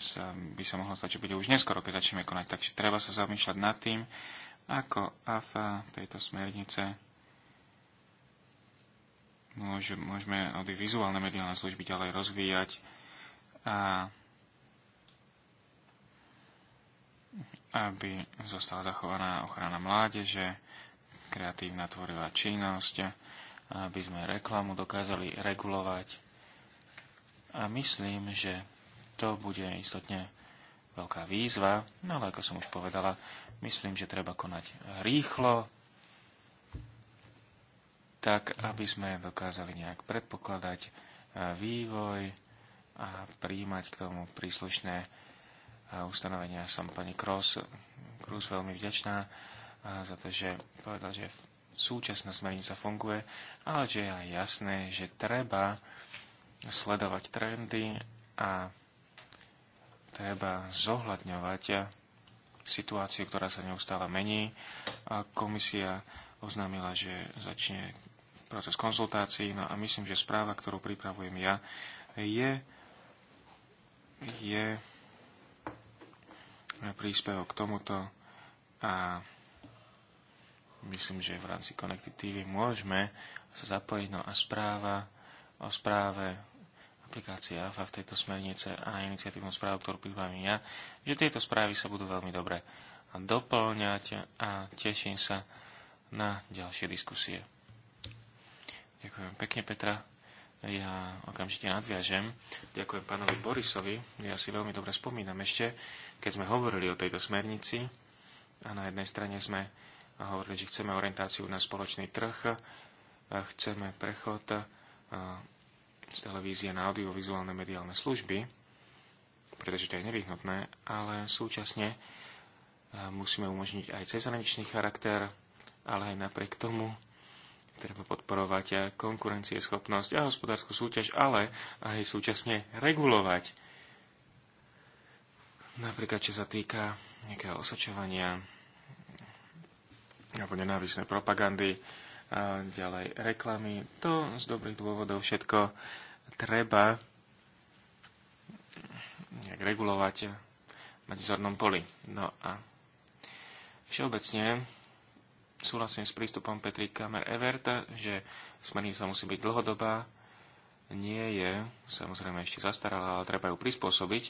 C: sa, by sa mohlo stať, že bude už neskoro, keď začneme konať. Takže treba sa zamýšľať nad tým, ako AFA tejto smernice môže, môžeme od vizuálne mediálne služby ďalej rozvíjať a aby zostala zachovaná ochrana mládeže, kreatívna tvorivá činnosť, aby sme reklamu dokázali regulovať. A myslím, že to bude istotne veľká výzva, no ale ako som už povedala, myslím, že treba konať rýchlo, tak aby sme dokázali nejak predpokladať e, vývoj a príjmať k tomu príslušné e, ustanovenia. Som pani Kroos Cruz veľmi vďačná e, za to, že povedal, že súčasná smernica funguje, ale že je aj jasné, že treba sledovať trendy a treba zohľadňovať situáciu, ktorá sa neustále mení. A komisia oznámila, že začne proces konzultácií. No a myslím, že správa, ktorú pripravujem ja, je, je príspevok k tomuto a myslím, že v rámci Connected TV môžeme sa zapojiť. No a správa o správe aplikácia v tejto smernice a iniciatívnu správu, ktorú pripravím ja, že tieto správy sa budú veľmi dobre doplňať a teším sa na ďalšie diskusie. Ďakujem pekne, Petra. Ja okamžite nadviažem. Ďakujem pánovi Borisovi. Ja si veľmi dobre spomínam ešte, keď sme hovorili o tejto smernici a na jednej strane sme hovorili, že chceme orientáciu na spoločný trh, chceme prechod z televízie na audiovizuálne mediálne služby, pretože to je nevyhnutné, ale súčasne e, musíme umožniť aj cezhraničný charakter, ale aj napriek tomu treba podporovať konkurencieschopnosť a hospodárskú súťaž, ale aj súčasne regulovať. Napríklad, čo sa týka nejakého osočovania alebo nenávisnej propagandy, a ďalej reklamy. To z dobrých dôvodov všetko treba nejak regulovať na zornom poli. No a všeobecne súhlasím s prístupom Petri Kamer Everta, že smernica musí byť dlhodobá, nie je samozrejme ešte zastaralá, ale treba ju prispôsobiť.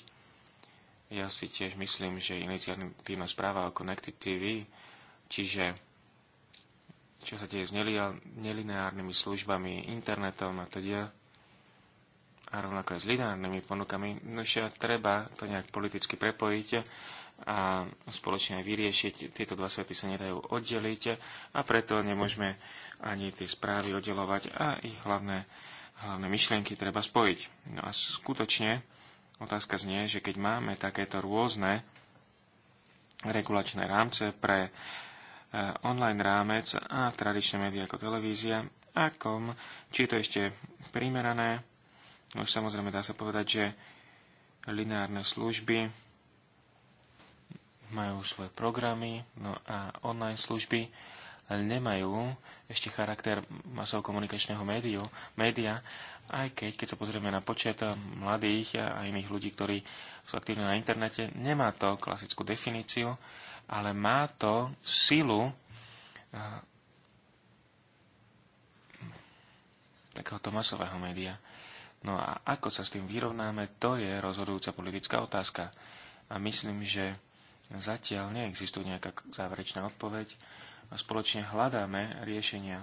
C: Ja si tiež myslím, že iniciatívna správa o Connected TV, čiže čo sa deje s nelineárnymi službami, internetom a teda a rovnako aj s lineárnymi ponukami, no treba to nejak politicky prepojiť a spoločne vyriešiť. Tieto dva svety sa nedajú oddeliť a preto nemôžeme ani tie správy oddelovať a ich hlavné, hlavné myšlienky treba spojiť. No a skutočne otázka znie, že keď máme takéto rôzne regulačné rámce pre uh, Eh, online rámec a tradičné médiá ako televízia, akom, či je to ešte primerané. No už samozrejme dá sa povedať, že lineárne služby majú svoje programy, no a online služby nemajú ešte charakter masovo komunikačného médiu, média, aj keď, keď sa pozrieme na počet mladých a iných ľudí, ktorí sú aktívni na internete, nemá to klasickú definíciu ale má to silu eh, takéhoto masového média. No a ako sa s tým vyrovnáme, to je rozhodujúca politická otázka. A myslím, že zatiaľ neexistuje nejaká záverečná odpoveď a spoločne hľadáme riešenia.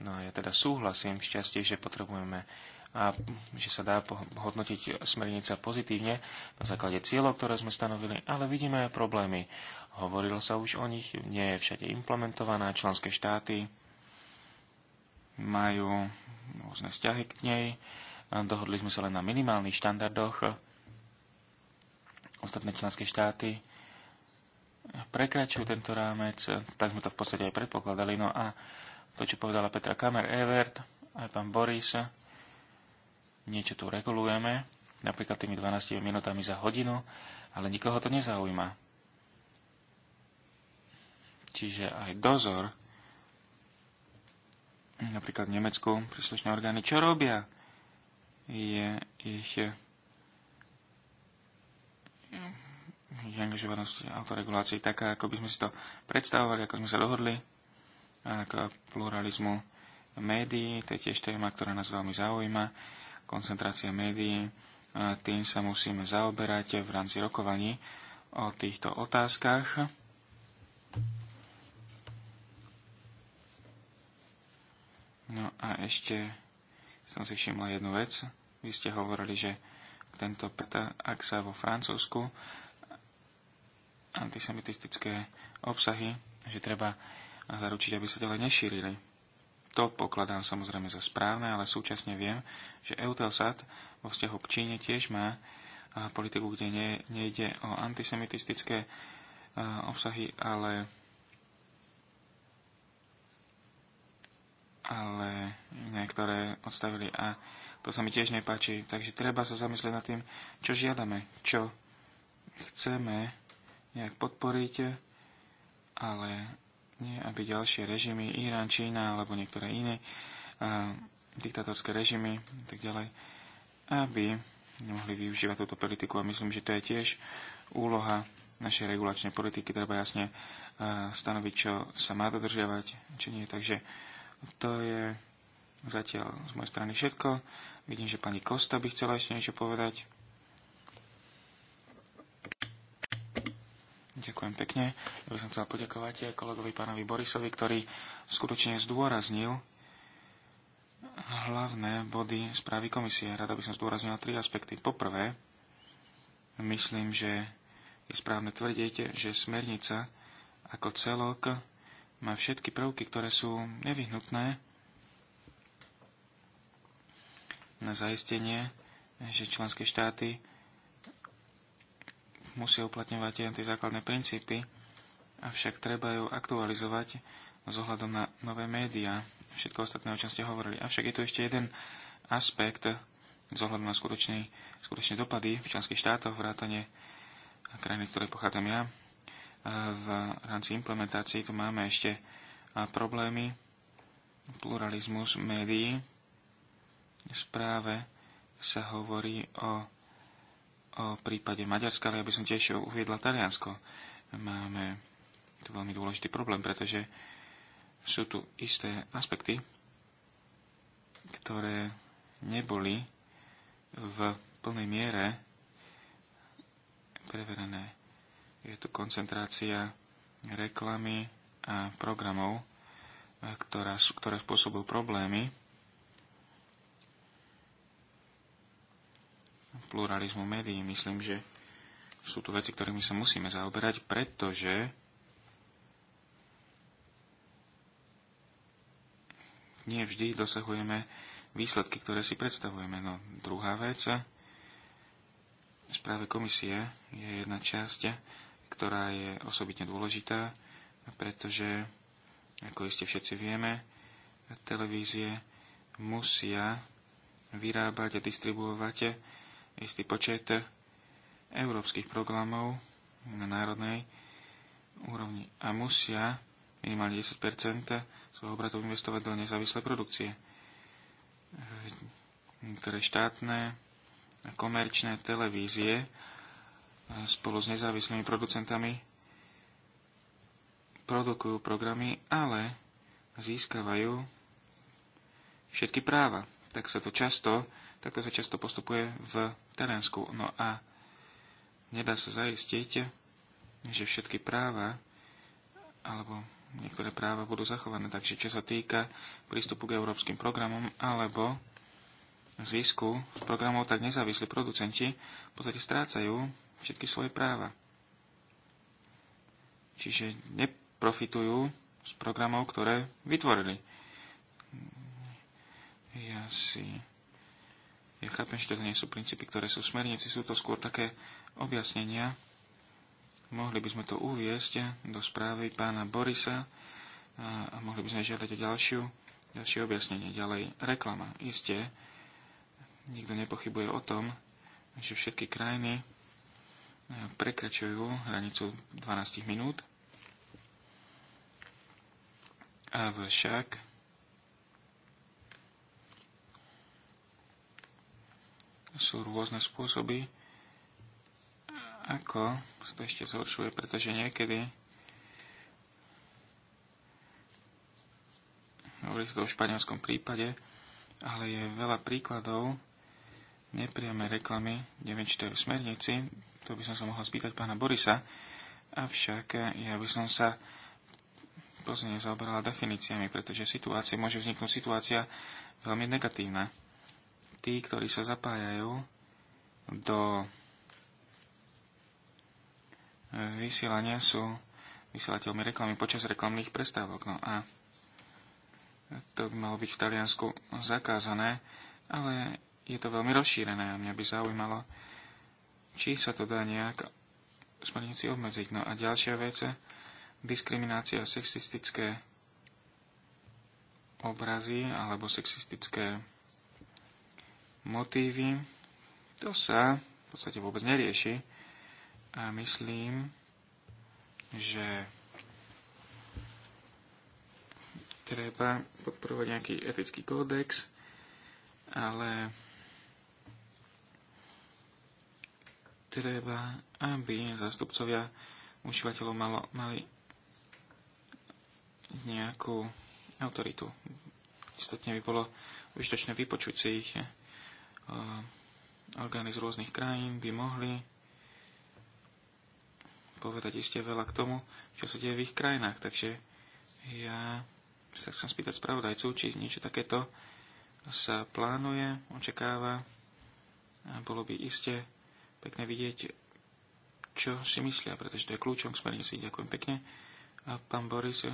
C: No a ja teda súhlasím šťastie, že potrebujeme a že sa dá hodnotiť smernica pozitívne na základe cieľov, ktoré sme stanovili, ale vidíme aj problémy. Hovorilo sa už o nich, nie je všade implementovaná. Členské štáty majú rôzne vzťahy k nej. Dohodli sme sa len na minimálnych štandardoch. Ostatné členské štáty prekračujú tento rámec, tak sme to v podstate aj predpokladali. No a to, čo povedala Petra Kamer Evert, aj pán Boris, niečo tu regulujeme, napríklad tými 12 minútami za hodinu, ale nikoho to nezaujíma Čiže aj dozor, napríklad v Nemecku, príslušné orgány, čo robia, je ich, eh, ich angažovanosť autoregulácií taká, ako by sme si to predstavovali, ako sme sa dohodli, ako pluralizmu médií, to je tiež téma, ktorá nás veľmi zaujíma, koncentrácia médií, a tým sa musíme zaoberať v rámci rokovaní o týchto otázkach. No a ešte som si všimla jednu vec. Vy ste hovorili, že tento peta, ak sa vo Francúzsku antisemitistické obsahy, že treba zaručiť, aby sa ďalej nešírili. To pokladám samozrejme za správne, ale súčasne viem, že Eutelsat vo vzťahu k Číne tiež má politiku, kde nejde o antisemitistické obsahy, ale ale niektoré odstavili a to sa mi tiež nepáči. Takže treba sa zamyslieť nad tým, čo žiadame, čo chceme nejak podporiť, ale nie, aby ďalšie režimy, Irán, Čína alebo niektoré iné a, diktatorské režimy a tak ďalej, aby nemohli využívať túto politiku a myslím, že to je tiež úloha našej regulačnej politiky. Treba jasne stanoviť, čo sa má dodržiavať, čo nie. Takže to je zatiaľ z mojej strany všetko. Vidím, že pani Kosta by chcela ešte niečo povedať. Ďakujem pekne. Ja by som chcel poďakovať aj kolegovi pánovi Borisovi, ktorý skutočne zdôraznil hlavné body správy komisie. Rada by som zdôraznila tri aspekty. Poprvé, myslím, že je správne tvrdiť, že smernica ako celok má všetky prvky, ktoré sú nevyhnutné na zaistenie, že členské štáty musia uplatňovať tie základné princípy, avšak treba ju aktualizovať s ohľadom na nové médiá, všetko ostatné, o čom ste hovorili. Avšak je tu ešte jeden aspekt z ohľadom na skutočné, skutočné dopady v členských štátoch, vrátane krajiny, z ktorej pochádzam ja, v rámci implementácií tu máme ešte problémy. Pluralizmus médií. V správe sa hovorí o, o prípade Maďarska, ale ja by som tiež uviedla Taliansko. Máme tu veľmi dôležitý problém, pretože sú tu isté aspekty, ktoré neboli v plnej miere preverené je tu koncentrácia reklamy a programov, eh, ktorá, ktoré spôsobujú problémy pluralizmu médií. Myslím, že sú tu veci, ktorými sa musíme zaoberať, pretože nie vždy dosahujeme výsledky, ktoré si predstavujeme. No druhá vec, správe komisie je jedna časť, ktorá je osobitne dôležitá, pretože, ako iste všetci vieme, televízie musia vyrábať a distribuovať istý počet európskych programov na národnej úrovni a musia minimálne 10 svojho obratu investovať do nezávislej produkcie. Niektoré štátne a komerčné televízie spolu s nezávislými producentami produkujú programy, ale získavajú všetky práva. Tak sa to často, takto sa často postupuje v Terensku. No a nedá sa zaistiť, že všetky práva alebo niektoré práva budú zachované. Takže čo sa týka prístupu k európskym programom alebo zisku z programov, tak nezávislí producenti v podstate strácajú všetky svoje práva. Čiže neprofitujú z programov, ktoré vytvorili. Ja si... Ja chápem, že to nie sú princípy, ktoré sú smernici, sú to skôr také objasnenia. Mohli by sme to uviesť do správy pána Borisa a, a mohli by sme žiadať o ďalšiu, ďalšie objasnenie. Ďalej, reklama. Isté, nikto nepochybuje o tom, že všetky krajiny prekračujú hranicu 12 minút. Avšak sú rôzne spôsoby, ako sa to ešte zhoršuje, pretože niekedy hovorí sa to o španielskom prípade, ale je veľa príkladov nepriame reklamy, neviem, či to je v smernici, to by som sa mohol spýtať pána Borisa, avšak eh, ja by som sa pozne zaoberala definíciami, pretože situácia, môže vzniknúť situácia veľmi negatívna. Tí, ktorí sa zapájajú do vysielania sú vysielateľmi reklamy počas reklamných prestávok. No a to by malo byť v Taliansku zakázané, ale je to veľmi rozšírené a mňa by zaujímalo, či sa to dá nejak smernici obmedziť. No a ďalšia vec, diskriminácia sexistické obrazy alebo sexistické motívy, to sa v podstate vôbec nerieši. A myslím, že treba podporovať nejaký etický kódex, ale treba, aby zástupcovia užívateľov malo, mali nejakú autoritu. Istotne by bolo užitočné vypočuť si ich. Eh, orgány z rôznych krajín by mohli povedať iste veľa k tomu, čo sa deje v ich krajinách. Takže ja sa chcem spýtať spravodajcu, či niečo takéto sa plánuje, očakáva a bolo by iste Pekne vidieť, čo si myslia, pretože to je kľúčom k smernici. Ďakujem pekne. A pán Boris,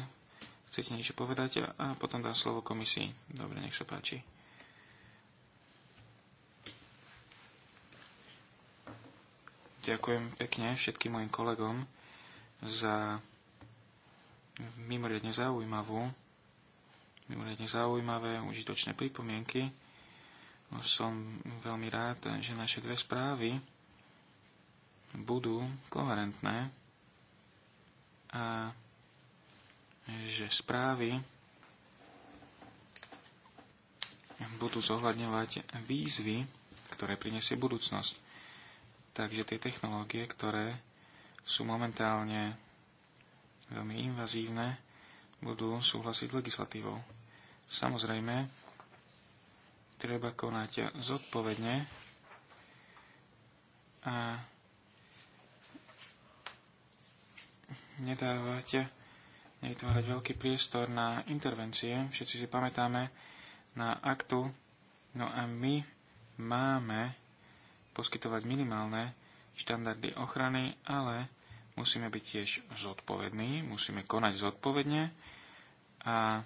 C: chcete niečo povedať? A potom dám slovo komisii. Dobre, nech sa páči. Ďakujem pekne všetkým mojim kolegom za mimoriadne zaujímavú, mimoriadne zaujímavé, užitočné pripomienky. Som veľmi rád, že naše dve správy budú koherentné a že správy budú zohľadňovať výzvy, ktoré prinesie budúcnosť. Takže tie technológie, ktoré sú momentálne veľmi invazívne, budú súhlasiť s legislatívou. Samozrejme, treba konať zodpovedne a nedávať, nevytvárať veľký priestor na intervencie. Všetci si pamätáme na aktu, no a my máme poskytovať minimálne štandardy ochrany, ale musíme byť tiež zodpovední, musíme konať zodpovedne a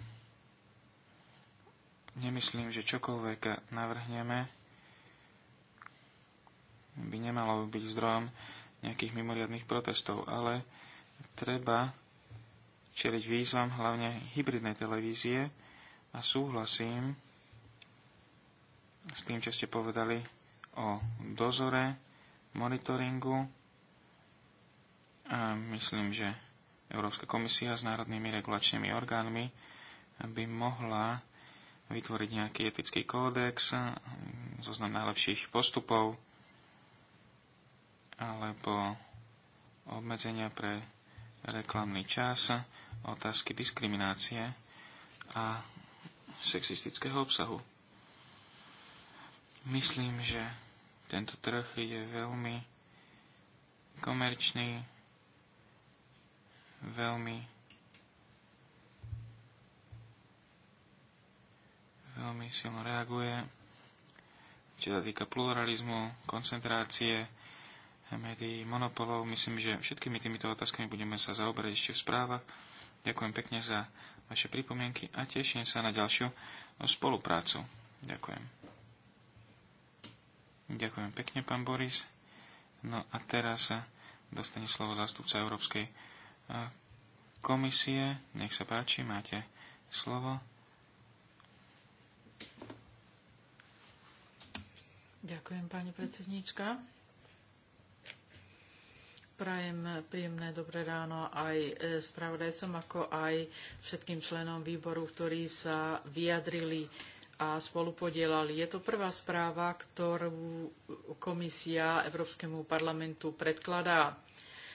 C: nemyslím, že čokoľvek navrhneme by nemalo byť zdrojom nejakých mimoriadných protestov, ale treba čeliť výzvam hlavne hybridnej televízie a súhlasím s tým, čo ste povedali o dozore, monitoringu a myslím, že Európska komisia s národnými regulačnými orgánmi by mohla vytvoriť nejaký etický kódex, zoznam najlepších postupov alebo obmedzenia pre reklamný čas, otázky diskriminácie a sexistického obsahu. Myslím, že tento trh je veľmi komerčný, veľmi veľmi silno reaguje, čo sa týka pluralizmu, koncentrácie, médií, monopolov. Myslím, že všetkými týmito otázkami budeme sa zaoberať ešte v správach. Ďakujem pekne za vaše pripomienky a teším sa na ďalšiu spoluprácu. Ďakujem. Ďakujem pekne, pán Boris. No a teraz dostane slovo zástupca Európskej komisie. Nech sa páči, máte slovo.
A: Ďakujem, pani predsednička. Prajem príjemné dobré ráno aj e, spravodajcom, ako aj všetkým členom výboru, ktorí sa vyjadrili a spolupodielali. Je to prvá správa, ktorú komisia Európskemu parlamentu predkladá.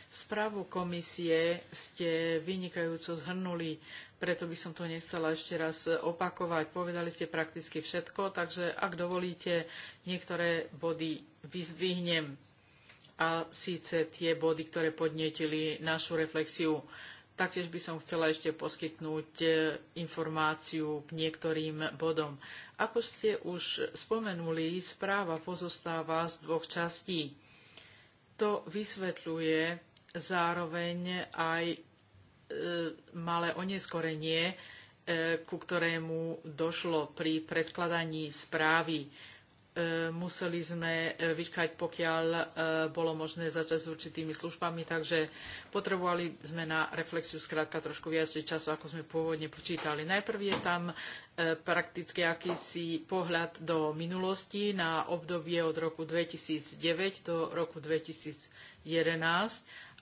A: Správu komisie ste vynikajúco zhrnuli, preto by som to nechcela ešte raz opakovať. Povedali ste prakticky všetko, takže ak dovolíte, niektoré body vyzdvihnem a síce tie body, ktoré podnietili našu reflexiu. Taktiež by som chcela ešte poskytnúť e, informáciu k niektorým bodom. Ako ste už spomenuli, správa pozostáva z dvoch častí. To vysvetľuje zároveň aj e, malé oneskorenie, e, ku ktorému došlo pri predkladaní správy. E, museli sme e, vyčkať, pokiaľ e, bolo možné začať s určitými službami, takže potrebovali sme na reflexiu zkrátka trošku viac času, ako sme pôvodne počítali. Najprv je tam prakticky akýsi pohľad do minulosti na obdobie od roku 2009 do roku 2011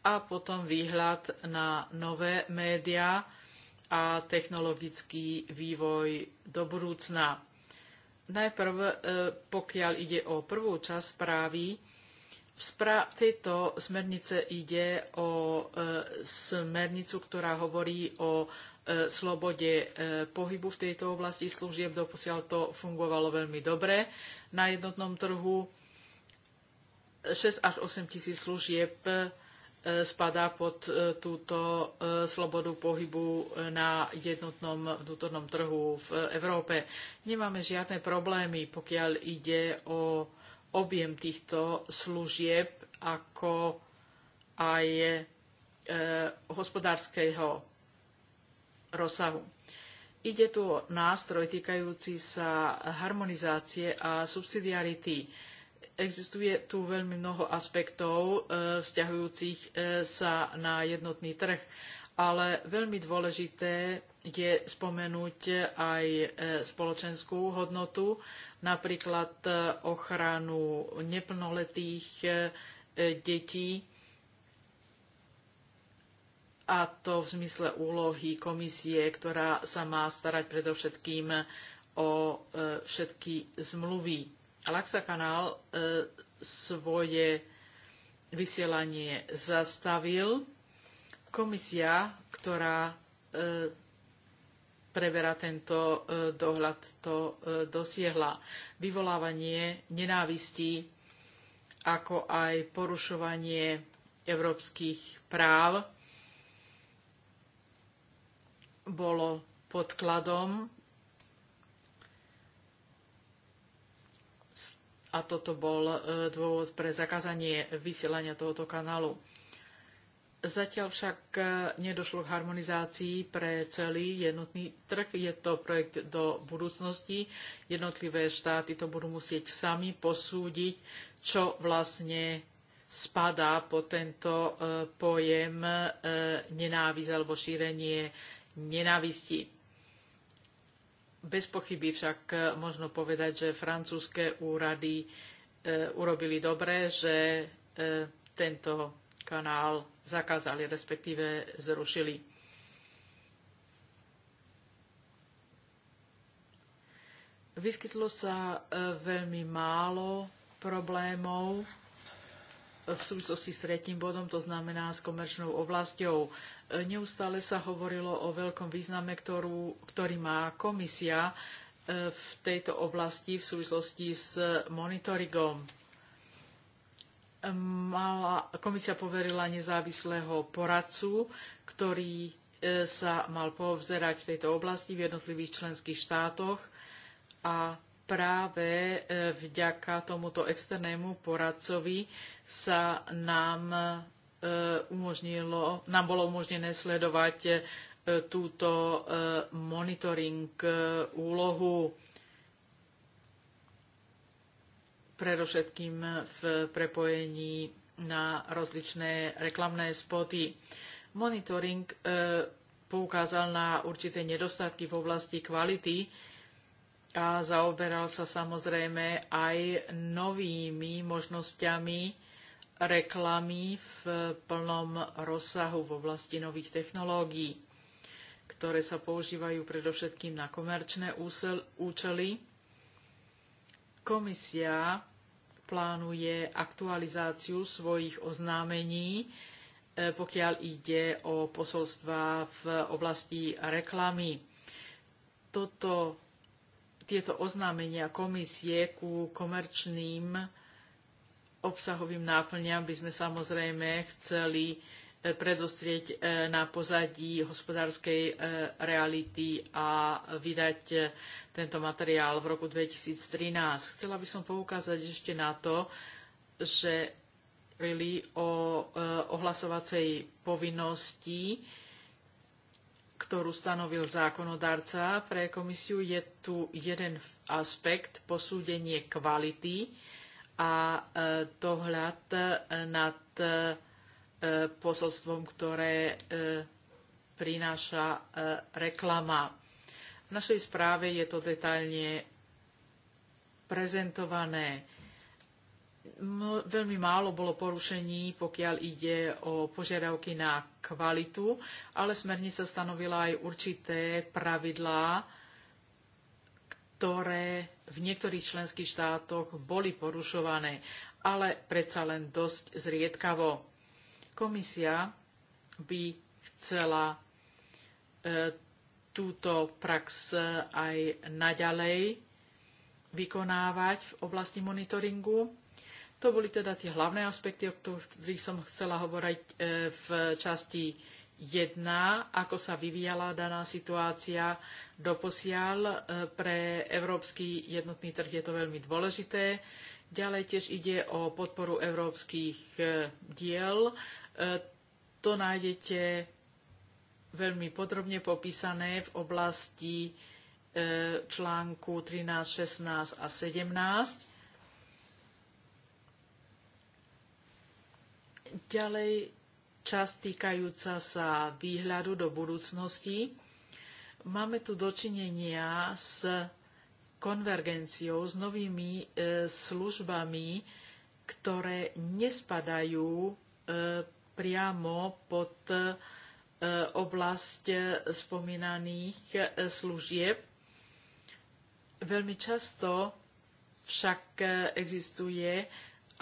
A: a potom výhľad na nové médiá a technologický vývoj do budúcna Najprv, e, pokiaľ ide o prvú časť správy, v správ tejto smernice ide o e, smernicu, ktorá hovorí o e, slobode pohybu v tejto oblasti služieb. Doposiaľ to fungovalo veľmi dobre na jednotnom trhu. 6 až 8 tisíc služieb E, spadá pod e, túto e, slobodu pohybu na jednotnom vnútornom trhu v Európe. Nemáme žiadne problémy, pokiaľ ide o objem týchto služieb, ako aj hospodárskeho rozsahu. Ide tu o nástroj týkajúci sa harmonizácie a subsidiarity Existuje tu veľmi mnoho aspektov e, vzťahujúcich e, sa na jednotný trh, ale veľmi dôležité je spomenúť aj e, spoločenskú hodnotu, napríklad ochranu neplnoletých detí, a to v zmysle úlohy komisie, ktorá sa má starať predovšetkým o všetky zmluvy Laxa kanál e, svoje vysielanie zastavil. Komisia, ktorá e, preberá tento e, dohľad, to e, dosiahla. Vyvolávanie nenávistí, ako aj porušovanie európskych práv bolo podkladom a toto bol e, dôvod pre zakázanie vysielania tohoto kanálu. Zatiaľ však e, nedošlo k harmonizácii pre celý jednotný trh. Je to projekt do budúcnosti. Jednotlivé štáty to budú musieť sami posúdiť, čo vlastne spadá po tento e, pojem nenávisť alebo šírenie nenávisti. Bez pochyby však e, možno povedať, že francúzske úrady e, urobili dobre, že e, tento kanál zakázali, respektíve zrušili. Vyskytlo sa veľmi málo problémov v súvislosti s tretím bodom, to znamená s komerčnou oblasťou. E, neustále sa hovorilo o veľkom význame, ktorú, ktorý má komisia e, v tejto oblasti v súvislosti s monitoringom. E, mala, komisia poverila nezávislého poradcu, ktorý sa mal povzerať v tejto oblasti v jednotlivých členských štátoch a práve e, vďaka tomuto externému poradcovi sa nám, e, umožnilo, nám bolo umožnené sledovať e, túto monitoring úlohu predovšetkým v prepojení na rozličné reklamné spoty. Monitoring poukázal na určité nedostatky v oblasti kvality a zaoberal sa samozrejme aj novými možnosťami reklamy v plnom rozsahu v oblasti nových technológií, ktoré sa používajú predovšetkým na komerčné účely. Komisia plánuje aktualizáciu svojich oznámení, e, pokiaľ ide o posolstva v oblasti reklamy. Toto tieto oznámenia komisie ku komerčným obsahovým náplňam by sme samozrejme chceli e, predostrieť e, na pozadí hospodárskej e, reality a vydať tento materiál v roku 2013. Chcela by som poukázať ešte na to, že o ohlasovacej povinnosti ktorú stanovil zákonodárca pre komisiu, je tu jeden aspekt, posúdenie kvality a e, dohľad e, nad e, posolstvom, ktoré prináša reklama. V našej správe je to detailne prezentované veľmi málo bolo porušení, pokiaľ ide o požiadavky na kvalitu, ale smernica stanovila aj určité pravidlá, ktoré v niektorých členských štátoch boli porušované, ale predsa len dosť zriedkavo. Komisia by chcela e, túto prax aj naďalej vykonávať v oblasti monitoringu to boli teda tie hlavné aspekty, o ktorých som chcela hovoriť e, v časti 1, ako sa vyvíjala daná situácia doposiaľ. E, pre európsky jednotný trh je to veľmi dôležité. Ďalej tiež ide o podporu európskych e, diel. To nájdete veľmi podrobne popísané v oblasti článku 13, 16 a 17 Ďalej časť týkajúca sa výhľadu do budúcnosti. Máme tu dočinenia s konvergenciou, s novými e, službami, ktoré nespadajú e, priamo pod e, oblasť spomínaných e, služieb. Veľmi často však e, existuje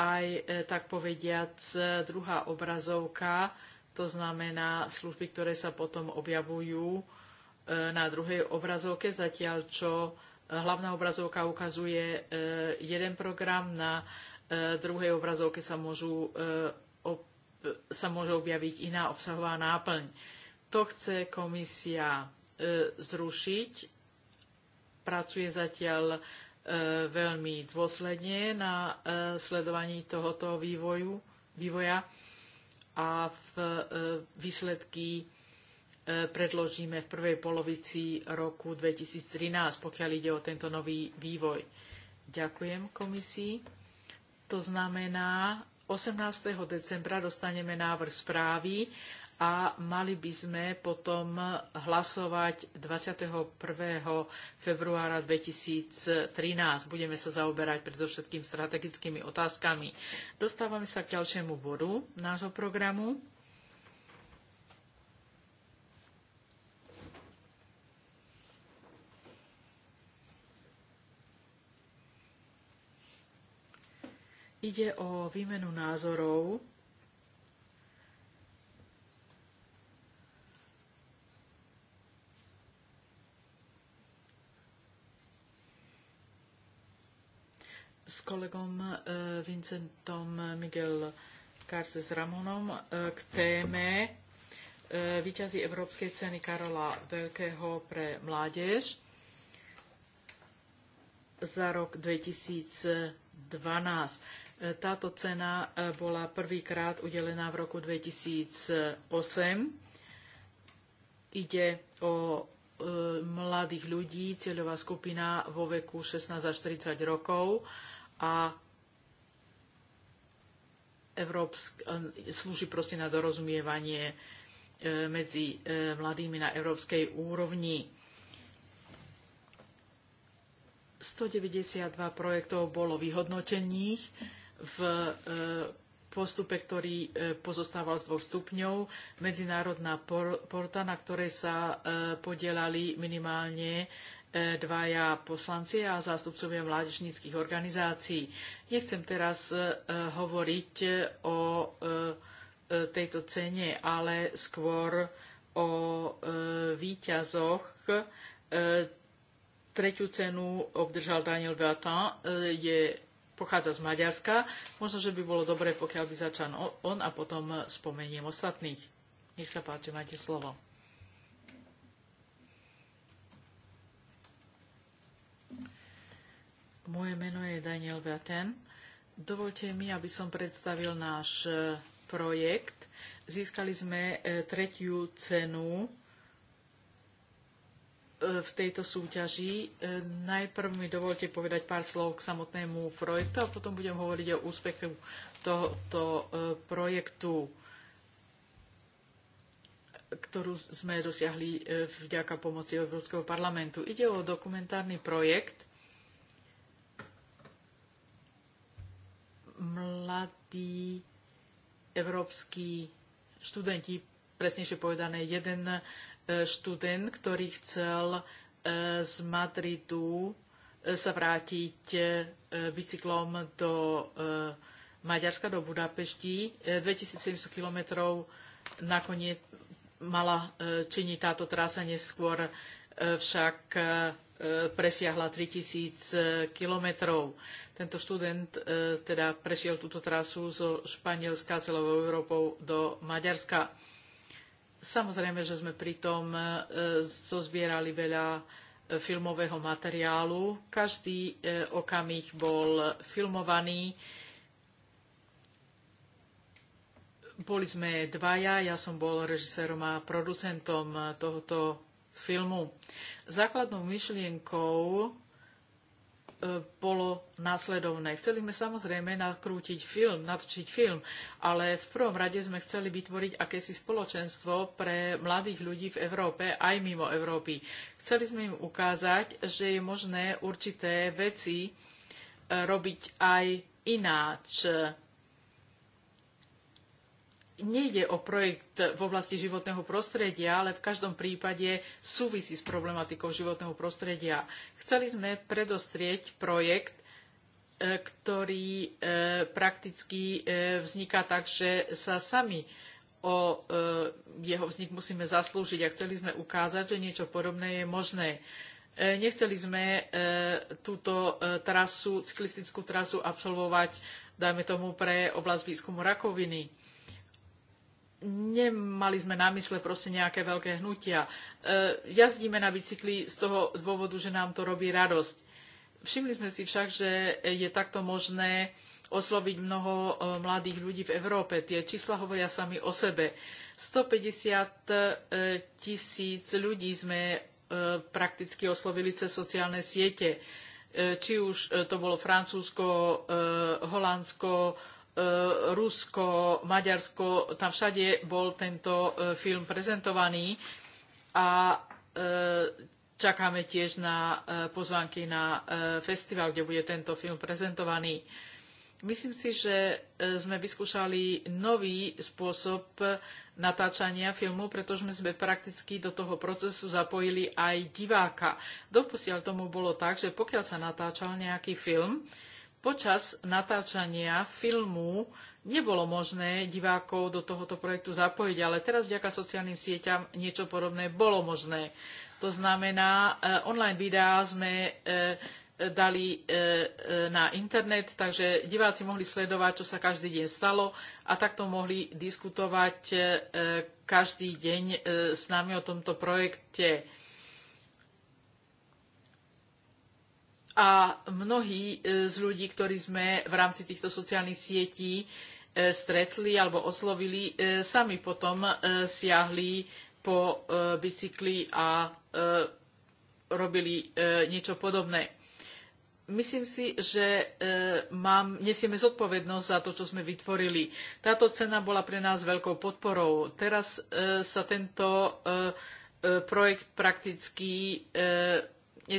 A: aj, e, tak povediac, e, druhá obrazovka, to znamená služby, ktoré sa potom objavujú e, na druhej obrazovke, zatiaľ čo hlavná obrazovka ukazuje jeden program, na druhej obrazovke sa, môžu, sa môže objaviť iná obsahová náplň. To chce komisia zrušiť. Pracuje zatiaľ E, veľmi dôsledne na e, sledovaní tohoto vývoju, vývoja a v e, výsledky predložíme v prvej polovici roku 2013, pokiaľ ide o tento nový vývoj. Ďakujem komisii. To znamená, 18. decembra dostaneme návrh správy a mali by sme potom hlasovať 21. februára 2013. Budeme sa zaoberať predovšetkým strategickými otázkami. Dostávame sa k ďalšiemu bodu nášho programu. Ide o výmenu názorov kolegom eh, Vincentom Miguel Carce Ramonom eh, k téme eh, výťazí Európskej ceny Karola Veľkého pre mládež za rok 2012. Táto cena bola prvýkrát udelená v roku 2008. Ide o mladých ľudí, cieľová skupina vo veku 16 až 40 rokov a Európsk, e, slúži proste na dorozumievanie e, medzi e, mladými na európskej úrovni. 192 projektov bolo vyhodnotených v postupe, ktorý pozostával z dvoch stupňov. Medzinárodná porta, na ktorej sa podielali minimálne dvaja poslanci a zástupcovia mládežníckých organizácií. Nechcem teraz e, hovoriť e, o e, tejto cene, ale skôr o výťazoch. Tretiu cenu obdržal Daniel Beatin, je, pochádza z Maďarska. Možno, že by bolo dobré, pokiaľ by začal on a potom spomeniem ostatných. Nech sa páči, máte slovo. Moje meno je Daniel Vaten. Dovolte mi, aby som predstavil náš e, projekt. Získali sme e, tretiu cenu e, v tejto súťaži. Najprv mi dovolte povedať pár slov k samotnému projektu a potom budem hovoriť o úspechu tohoto projektu, ktorú sme dosiahli vďaka pomoci Európskeho parlamentu. Ide o dokumentárny projekt, mladí európsky študenti, presnejšie povedané jeden e, študent, ktorý chcel e, z Madridu e, sa vrátiť bicyklom do Maďarska, do Budapešti. 2700 kilometrov nakoniec mala činiť táto trasa neskôr však E, presiahla 3000 e, kilometrov. Tento študent e, teda prešiel túto trasu zo Španielska celou Európou do Maďarska. Samozrejme, že sme pritom zozbierali veľa filmového materiálu. Každý okamih bol filmovaný. Boli sme dvaja, ja som bol režisérom a producentom tohoto filmu. Základnou myšlienkou e, bolo následovné. Chceli sme samozrejme nakrútiť film, natočiť film, ale v prvom rade sme chceli vytvoriť akési spoločenstvo pre mladých ľudí v Európe aj mimo Európy. Chceli sme im ukázať, že je možné určité veci e, robiť aj ináč, nejde o projekt v oblasti životného prostredia, ale v každom prípade súvisí s problematikou životného prostredia. Chceli sme predostrieť projekt, e, ktorý e, prakticky e, vzniká tak, že sa sami o jeho vznik musíme zaslúžiť a chceli sme ukázať, že niečo podobné je možné. Nechceli sme túto trasu, cyklistickú trasu absolvovať, dajme tomu, pre oblasť výskumu rakoviny nemali sme na mysle proste nejaké veľké hnutia. E, jazdíme na bicykli z toho dôvodu, že nám to robí radosť. Všimli sme si však, že je takto možné osloviť mnoho e, mladých ľudí v Európe. Tie čísla hovoria sami o sebe. 150 e, tisíc ľudí sme prakticky oslovili cez sociálne siete. Či už to bolo Francúzsko, Holandsko, E, Rusko, Maďarsko, tam všade bol tento e, film prezentovaný a e, čakáme tiež na pozvánky na festival, kde bude tento film prezentovaný. Myslím si, že sme vyskúšali nový spôsob natáčania filmu, pretože sme prakticky do toho procesu zapojili aj diváka. Doposiaľ tomu bolo tak, že pokiaľ sa natáčal nejaký film, Počas natáčania filmu nebolo možné divákov do tohoto projektu zapojiť, ale teraz vďaka sociálnym sieťam niečo podobné bolo možné. To znamená, eh, online videá sme eh, dali eh, na internet, takže diváci mohli sledovať, čo sa každý deň stalo a takto mohli diskutovať každý deň s nami o tomto projekte A mnohí e, z ľudí, ktorí sme v rámci týchto sociálnych sietí e, stretli alebo oslovili, e, sami potom siahli po bicykli a robili niečo podobné. Myslím si, že mám, nesieme zodpovednosť za to, čo sme vytvorili. Táto cena bola pre nás veľkou podporou. Teraz sa tento projekt prakticky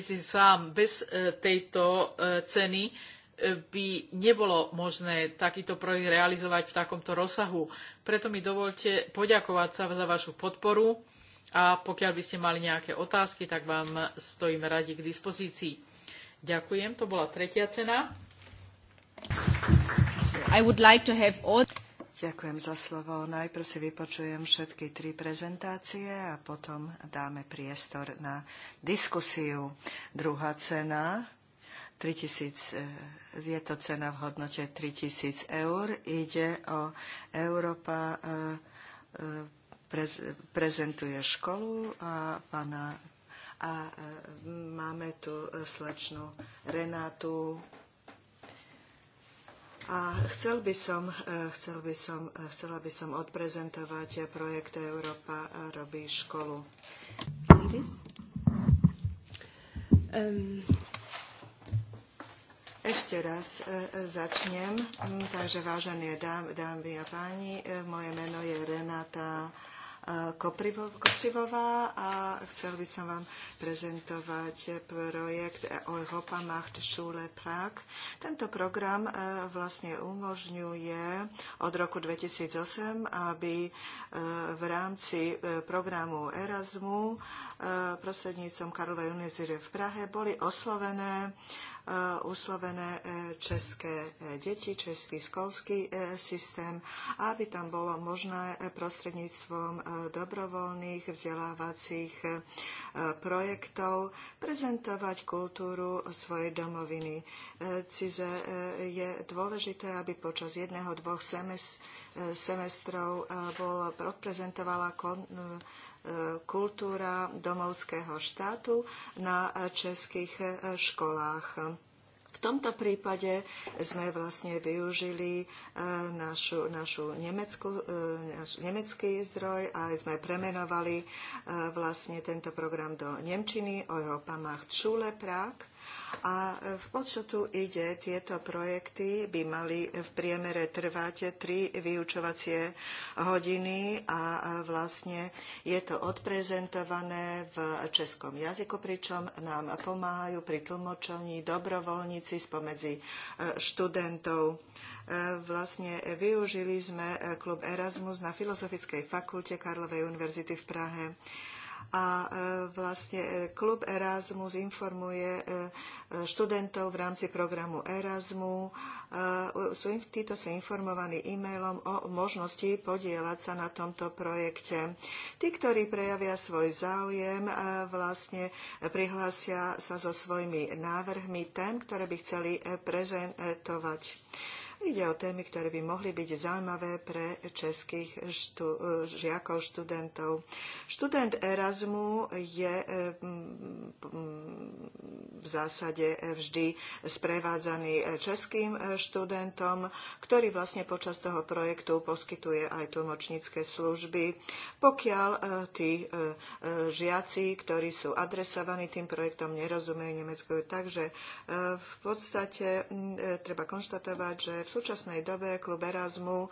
A: sám. Bez e, tejto e, ceny e, by nebolo možné takýto projekt realizovať v takomto rozsahu. Preto mi dovolte poďakovať sa za vašu podporu a pokiaľ by ste mali nejaké otázky, tak vám stojím radi k dispozícii. Ďakujem, to bola tretia cena.
B: I would like to have all... Ďakujem za slovo. Najprv si vypočujem všetky tri prezentácie a potom dáme priestor na diskusiu. Druhá cena 3000, e, je to cena v hodnote 3000 eur. Ide o Európa e, e, prezentuje školu a, pána, a máme tu slečnu Renátu a chcel by som, e, chcel by som, e, chcela by som odprezentovať projekt Európa robí školu. Um. Ešte raz e, začnem. Mm, takže vážené dámy a páni, moje meno je Renata Kopřivová a chcel by som vám prezentovať projekt Europa Macht Schule Prag. Tento program e, vlastne umožňuje od roku 2008, aby e, v rámci e, programu Erasmu prostredníctvom Karlovej univerzity v Prahe boli oslovené uslovené eh, eh, české eh, deti, český školský systém, aby tam bolo možné prostredníctvom dobrovoľných vzdelávacích projektov prezentovať kultúru svojej domoviny. Cize je dôležité, aby počas jedného, dvoch semestrov bol, odprezentovala kon, kultúra domovského štátu na českých školách. V tomto prípade sme vlastne využili e, našu, našu nemeckú, e, naš nemecký zdroj a sme premenovali e, vlastne tento program do Nemčiny o Europa pamách Čule Prák. A v podstatu ide, tieto projekty by mali v priemere trvať tri vyučovacie hodiny a vlastne je to odprezentované v českom jazyku, pričom nám pomáhajú pri tlmočení dobrovoľníci spomedzi e, študentov e, vlastne využili sme e, klub Erasmus na Filozofickej fakulte Karlovej univerzity v Prahe a e, vlastne e, klub Erasmus informuje e, študentov v rámci programu Erasmus. Títo sú informovaní e-mailom o možnosti podielať sa na tomto projekte. Tí, ktorí prejavia svoj záujem, vlastne prihlásia sa so svojimi návrhmi tém, ktoré by chceli prezentovať. Ide o témy, ktoré by mohli byť zaujímavé pre českých štú, e, žiakov, študentov. Študent Erasmu je e, v zásade vždy sprevádzaný českým študentom, ktorý vlastne počas toho projektu poskytuje aj tlmočnícke služby. Pokiaľ e, tí žiaci, ktorí sú adresovaní tým projektom, nerozumejú Nemecku, takže v podstate treba konštatovať, že v súčasnej dobe klub Erasmu e,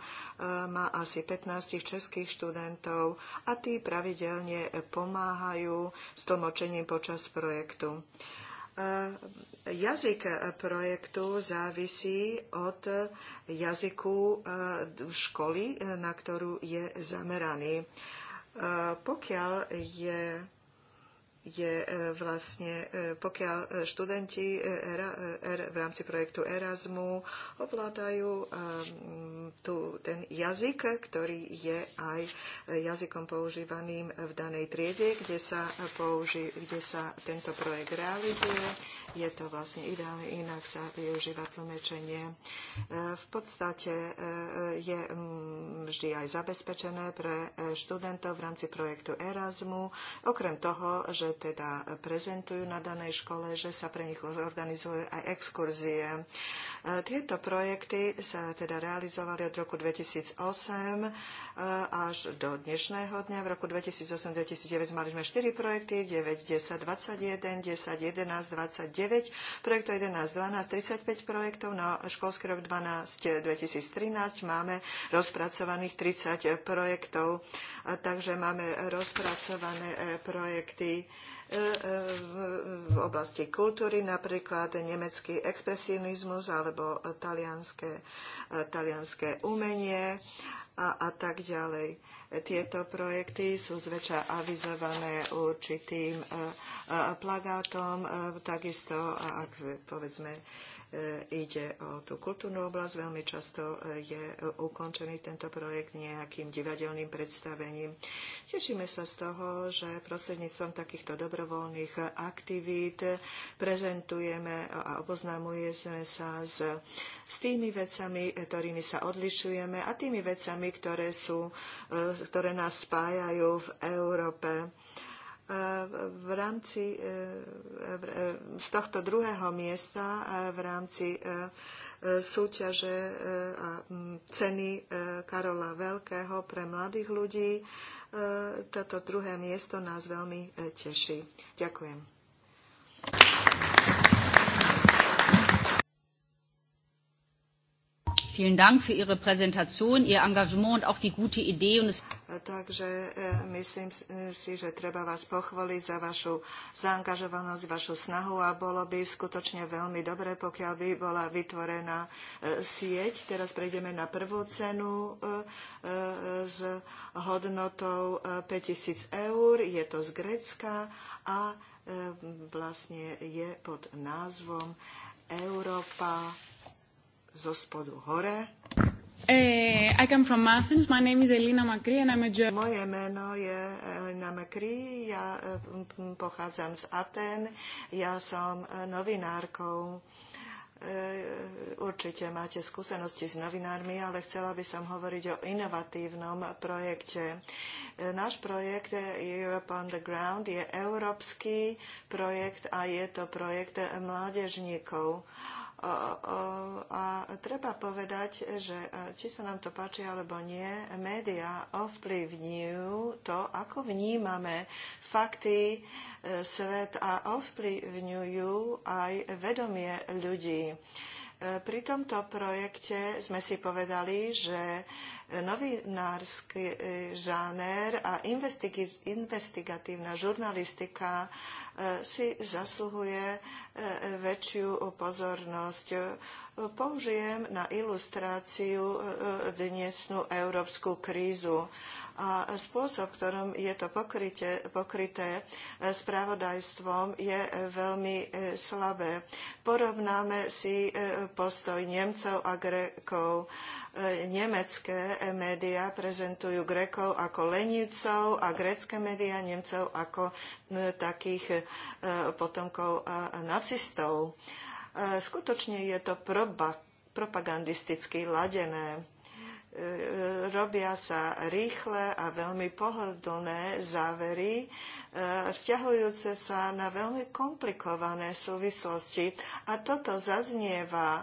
B: má asi 15 českých študentov a tí pravidelne pomáhajú s tlmočením počas projektu. E, jazyk projektu závisí od jazyku e, školy, na ktorú je zameraný. Pokiaľ je je e, vlastne, e, pokiaľ e, študenti er, v rámci projektu Erasmu ovládajú tu ten jazyk, ktorý je aj jazykom používaným v danej triede, kde sa, použi, kde sa tento projekt realizuje. Je to vlastne ideálne, inak sa využíva tlmečenie. V podstate je vždy aj zabezpečené pre študentov v rámci projektu Erasmu, okrem toho, že teda prezentujú na danej škole, že sa pre nich organizujú aj exkurzie. E, tieto projekty sa teda realizovali od roku 2008 e, až do dnešného dňa. V roku 2008-2009 mali sme 4 projekty, 9, 10, 21, 10, 11, 29, projektov 11, 12, 35 projektov. Na školský rok 12, 2013 máme rozpracovaných 30 projektov, e, takže máme rozpracované projekty E, e, v oblasti kultúry, napríklad nemecký expresionizmus alebo talianské, e, talianské umenie a, a tak ďalej. Tieto projekty sú zväčša avizované určitým plagátom, takisto, ak povedzme, E, ide o tú kultúrnu oblasť. Veľmi často e, je ukončený tento projekt nejakým divadelným predstavením. Tešíme sa z toho, že prostredníctvom takýchto dobrovoľných aktivít prezentujeme a oboznamujeme sa s, s tými vecami, e, ktorými sa odlišujeme a tými vecami, ktoré, sú, ktoré nás spájajú v Európe v rámci e, e, e, z tohto druhého miesta v rámci súťaže a ceny Karola Veľkého pre mladých ľudí. Toto druhé miesto nás veľmi teší. Ďakujem. Vielen Dank für Ihre Präsentation, Ihr Engagement und auch die gute Idee. Und es Takže e, myslím si, že treba vás pochváliť za vašu zaangažovanosť, vašu snahu a bolo by skutočne veľmi dobré, pokiaľ by bola vytvorená e, sieť. Teraz prejdeme na prvú cenu e, s hodnotou 5000 eur. Je to z Grécka a vlastne je pod názvom Európa zo spodu hore. Hey, eh, I come from Athens. My name is Elina Makri and I'm a German. Moje meno je Elina Makri. Ja eh, pochádzam z Aten. Ja som eh, novinárkou. Určite máte skúsenosti s novinármi, ale chcela by som hovoriť o inovatívnom projekte. Náš projekt Europe on the Ground je európsky projekt a je to projekt mládežníkov a treba povedať, že e, či sa nám to páči alebo nie, média ovplyvňujú to, ako vnímame fakty, e, svet a ovplyvňujú aj vedomie ľudí. Pri tomto projekte sme si povedali, že novinársky e, žáner a investigatívna žurnalistika e, si zasluhuje e, väčšiu pozornosť. Použijem na ilustráciu dnesnú európsku krízu a spôsob, ktorom je to pokryte, pokryté e, spravodajstvom, je e, veľmi e, slabé. Porovnáme si postoj Nemcov a Grékov nemecké médiá prezentujú Grékov ako lenicov a grécké médiá Nemcov ako takých potomkov nacistov. Skutočne je to proba, propagandisticky ladené E, robia sa rýchle a veľmi pohodlné závery, e, vzťahujúce sa na veľmi komplikované súvislosti. A toto zaznieva e,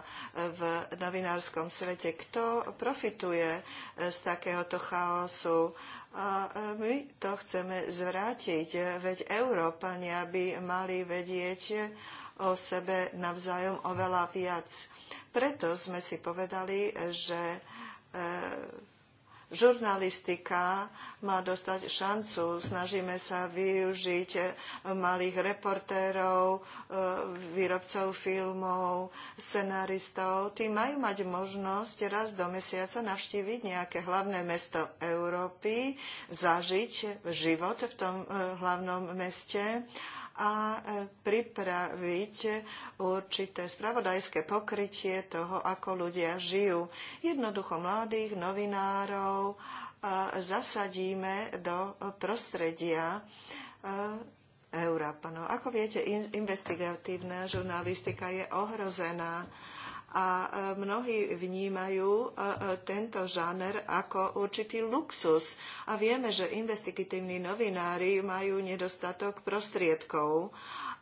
B: v novinárskom svete. Kto profituje z takéhoto chaosu? A my to chceme zvrátiť, veď Európania by mali vedieť o sebe navzájom oveľa viac. Preto sme si povedali, že E, žurnalistika má dostať šancu. Snažíme sa využiť e, malých reportérov, e, výrobcov filmov, scenaristov. Tí majú mať možnosť raz do mesiaca navštíviť nejaké hlavné mesto Európy, zažiť život v tom hlavnom meste a e, pripraviť určité spravodajské pokrytie toho, ako ľudia žijú. Jednoducho mladých novinárov e, zasadíme do prostredia e, No, Ako viete, investigatívna žurnalistika je ohrozená a e, mnohí vnímajú e, e, tento žáner ako určitý luxus. A vieme, že investigatívni novinári majú nedostatok prostriedkov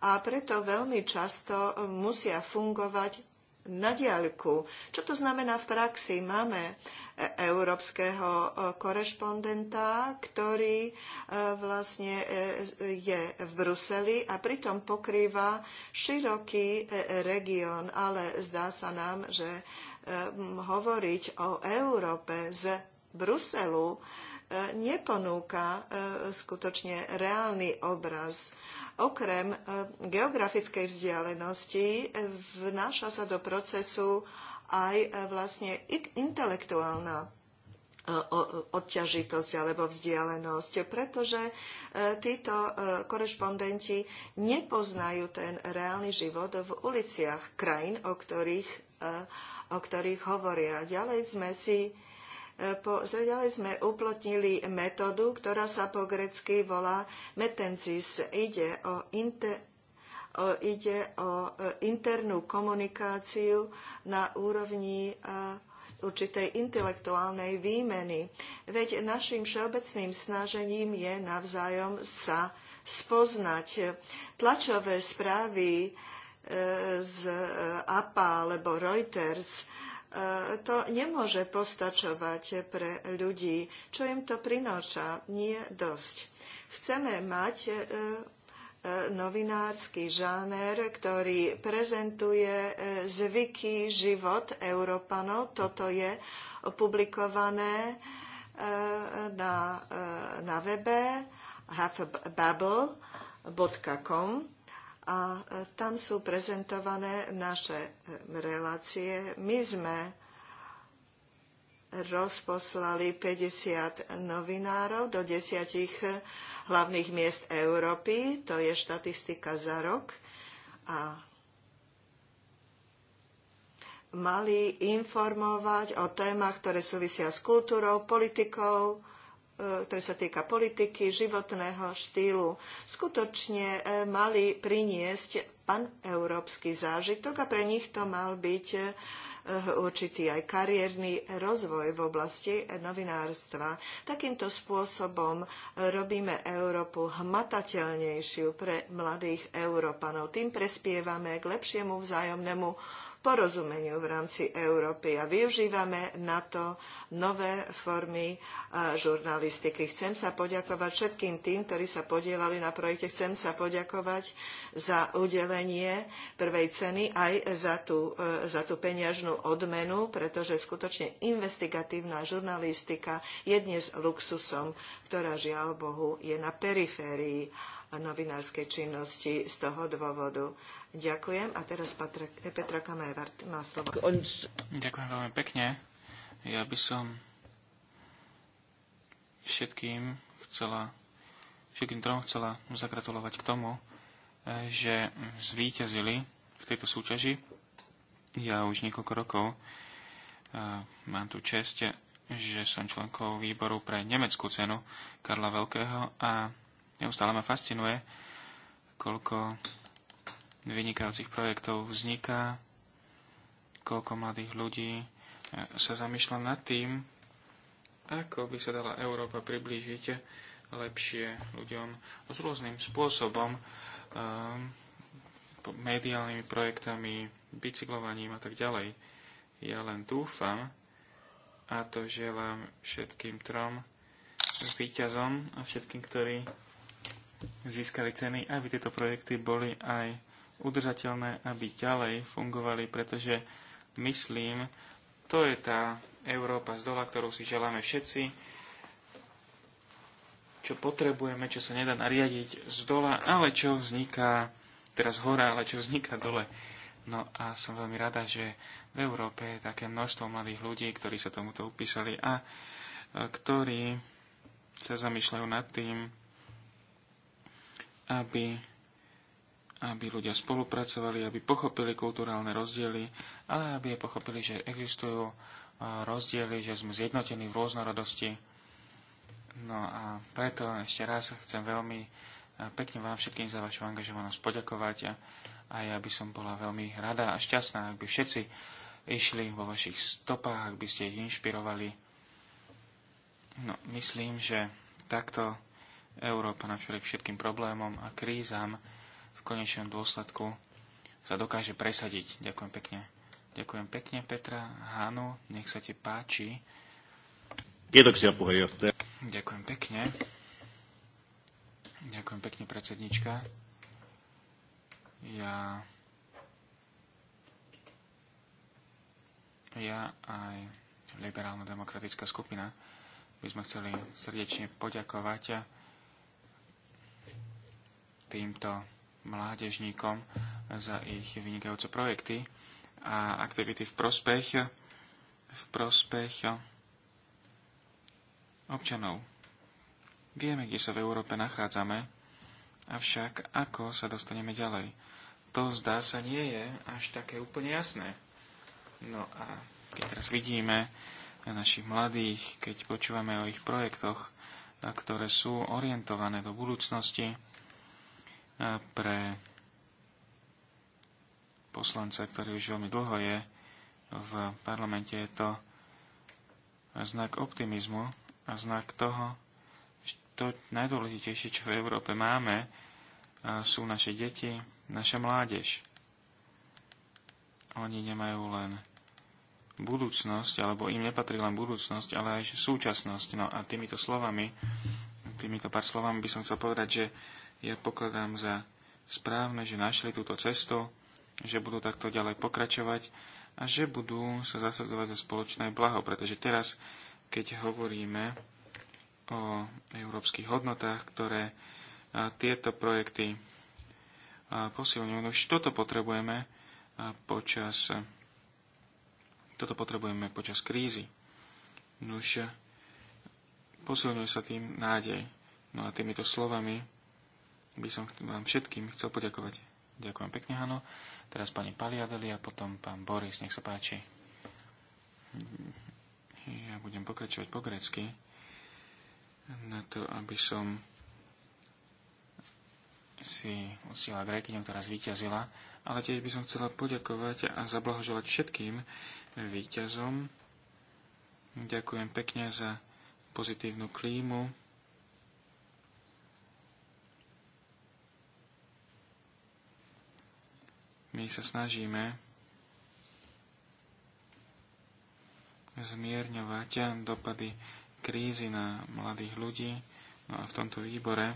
B: a preto veľmi často musia fungovať na diálku. Čo to znamená v praxi? Máme e, európskeho e, korešpondenta, ktorý e, vlastne je v Bruseli a pritom pokrýva široký región, ale zdá sa nám, že hovoriť o Európe z Bruselu neponúka skutočne reálny obraz Okrem e, geografickej vzdialenosti e, vnáša sa do procesu aj e, vlastne intelektuálna odťažitosť alebo vzdialenosť, pretože títo korešpondenti nepoznajú ten reálny život v uliciach krajín, o ktorých, o ktorých hovoria. Ďalej sme si E, po, ďalej sme uplotnili metódu, ktorá sa po grecky volá metensis. Ide o, inter, o, ide o e, internú komunikáciu na úrovni a, e, určitej intelektuálnej výmeny. Veď našim všeobecným snažením je navzájom sa spoznať. Tlačové správy z APA alebo Reuters E, to nemôže postačovať pre ľudí. Čo im to prináša? Nie dosť. Chceme mať e, e, novinársky žáner, ktorý prezentuje zvyky, život Európanov. Toto je publikované na, na webe halfbubble.com a e, tam sú prezentované naše e, relácie. My sme rozposlali 50 novinárov do desiatich e, hlavných miest Európy, to je štatistika za rok, a mali informovať o témach, ktoré súvisia s kultúrou, politikou, E, ktoré sa týka politiky, životného štýlu, skutočne e, mali priniesť paneurópsky zážitok a pre nich to mal byť e, určitý aj kariérny rozvoj v oblasti novinárstva. Takýmto spôsobom robíme Európu hmatateľnejšiu pre mladých Európanov. Tým prespievame k lepšiemu vzájomnému porozumeniu v rámci Európy a využívame na to nové formy e, žurnalistiky. Chcem sa poďakovať všetkým tým, ktorí sa podielali na projekte. Chcem sa poďakovať za udelenie prvej ceny aj za tú, e, za tú peňažnú odmenu, pretože skutočne investigatívna žurnalistika je dnes luxusom, ktorá žiaľ Bohu je na periférii novinárskej činnosti z toho dôvodu Ďakujem a teraz Patra, Petra Kamajvart má slovo.
C: Ďakujem veľmi pekne. Ja by som všetkým chcela, všetkým trom chcela zagratulovať k tomu, eh, že zvíťazili v tejto súťaži. Ja už niekoľko rokov eh, mám tu čest, že som členkou výboru pre nemeckú cenu Karla Veľkého a neustále ma fascinuje, koľko vynikajúcich projektov vzniká, koľko mladých ľudí eh, sa zamýšľa nad tým, ako by sa dala Európa priblížiť lepšie ľuďom s rôznym spôsobom, eh, mediálnymi projektami, bicyklovaním a tak ďalej. Ja len dúfam a to želám všetkým trom výťazom a všetkým, ktorí získali ceny, aby tieto projekty boli aj udržateľné, aby ďalej fungovali, pretože myslím, to je tá Európa z dola, ktorú si želáme všetci, čo potrebujeme, čo sa nedá nariadiť z dola, ale čo vzniká teraz hora, ale čo vzniká dole. No a som veľmi rada, že v Európe je také množstvo mladých ľudí, ktorí sa tomuto upísali a e, ktorí sa zamýšľajú nad tým, aby aby ľudia spolupracovali, aby pochopili kulturálne rozdiely, ale aby pochopili, že existujú e, rozdiely, že sme zjednotení v rôznorodosti. No a preto ešte raz chcem veľmi e, pekne vám všetkým za vašu angažovanosť poďakovať a, a ja by som bola veľmi rada a šťastná, ak by všetci išli vo vašich stopách, ak by ste ich inšpirovali. No, myslím, že takto Európa navšpriek všetkým problémom a krízam v konečnom dôsledku sa dokáže presadiť. Ďakujem pekne. Ďakujem pekne, Petra. Hanu, nech sa ti páči.
B: Ďakujem
C: pekne. Ďakujem pekne, predsednička. Ja... Ja aj liberálno-demokratická skupina by sme chceli srdečne poďakovať týmto mládežníkom za ich vynikajúce projekty a aktivity v prospech, v prospech občanov. Vieme, kde sa v Európe nachádzame, avšak ako sa dostaneme ďalej. To zdá sa nie je až také úplne jasné. No a keď teraz vidíme našich mladých, keď počúvame o ich projektoch, ktoré sú orientované do budúcnosti, pre poslanca, ktorý už veľmi dlho je v parlamente, je to znak optimizmu a znak toho, že to najdôležitejšie, čo v Európe máme, sú naše deti, naša mládež. Oni nemajú len budúcnosť, alebo im nepatrí len budúcnosť, ale aj súčasnosť. No a týmito slovami, týmito pár slovami by som chcel povedať, že ja pokladám za správne, že našli túto cestu, že budú takto ďalej pokračovať a že budú sa zasadzovať za spoločné blaho, pretože teraz, keď hovoríme o európskych hodnotách, ktoré tieto projekty posilňujú, no už toto potrebujeme počas toto potrebujeme počas krízy. Nuž no posilňuje sa tým nádej. No a týmito slovami by som vám všetkým chcel poďakovať. Ďakujem pekne, Hano. Teraz pani Paliadeli a potom pán Boris, nech sa páči. Ja budem pokračovať po grecky na to, aby som si usiela Grékyňu, ktorá zvíťazila, ale tiež by som chcela poďakovať a zablahoželať všetkým výťazom. Ďakujem pekne za pozitívnu klímu, My sa snažíme zmierňovať dopady krízy na mladých ľudí. No a v tomto výbore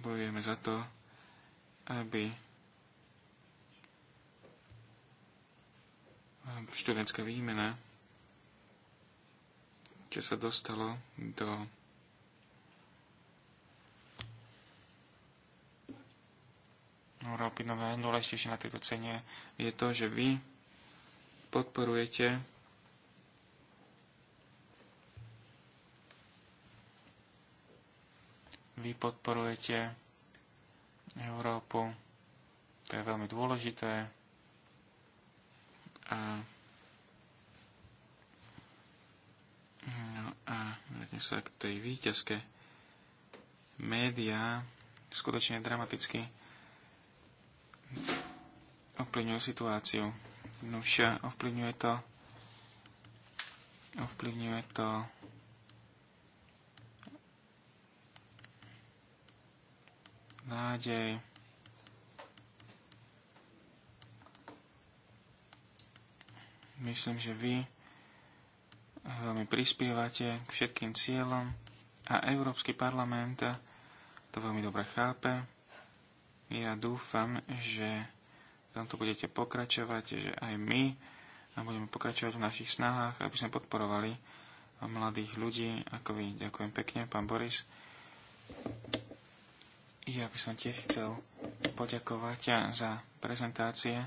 C: bojujeme za to, aby študentská výmena, čo sa dostalo do Európy, no najdôležitejšie na tejto cene je to, že vy podporujete vy podporujete Európu. To je veľmi dôležité. A, no a vrátim sa k tej výťazke. Média skutočne dramaticky ovplyvňujú situáciu. Nuž ovplyvňuje to ovplyvňuje to nádej myslím, že vy veľmi prispievate k všetkým cieľom a Európsky parlament to veľmi dobre chápe. Ja dúfam, že tam to budete pokračovať, že aj my budeme pokračovať v našich snahách, aby sme podporovali mladých ľudí, ako vy. Ďakujem pekne, pán Boris. Ja by som tiež chcel poďakovať za prezentácie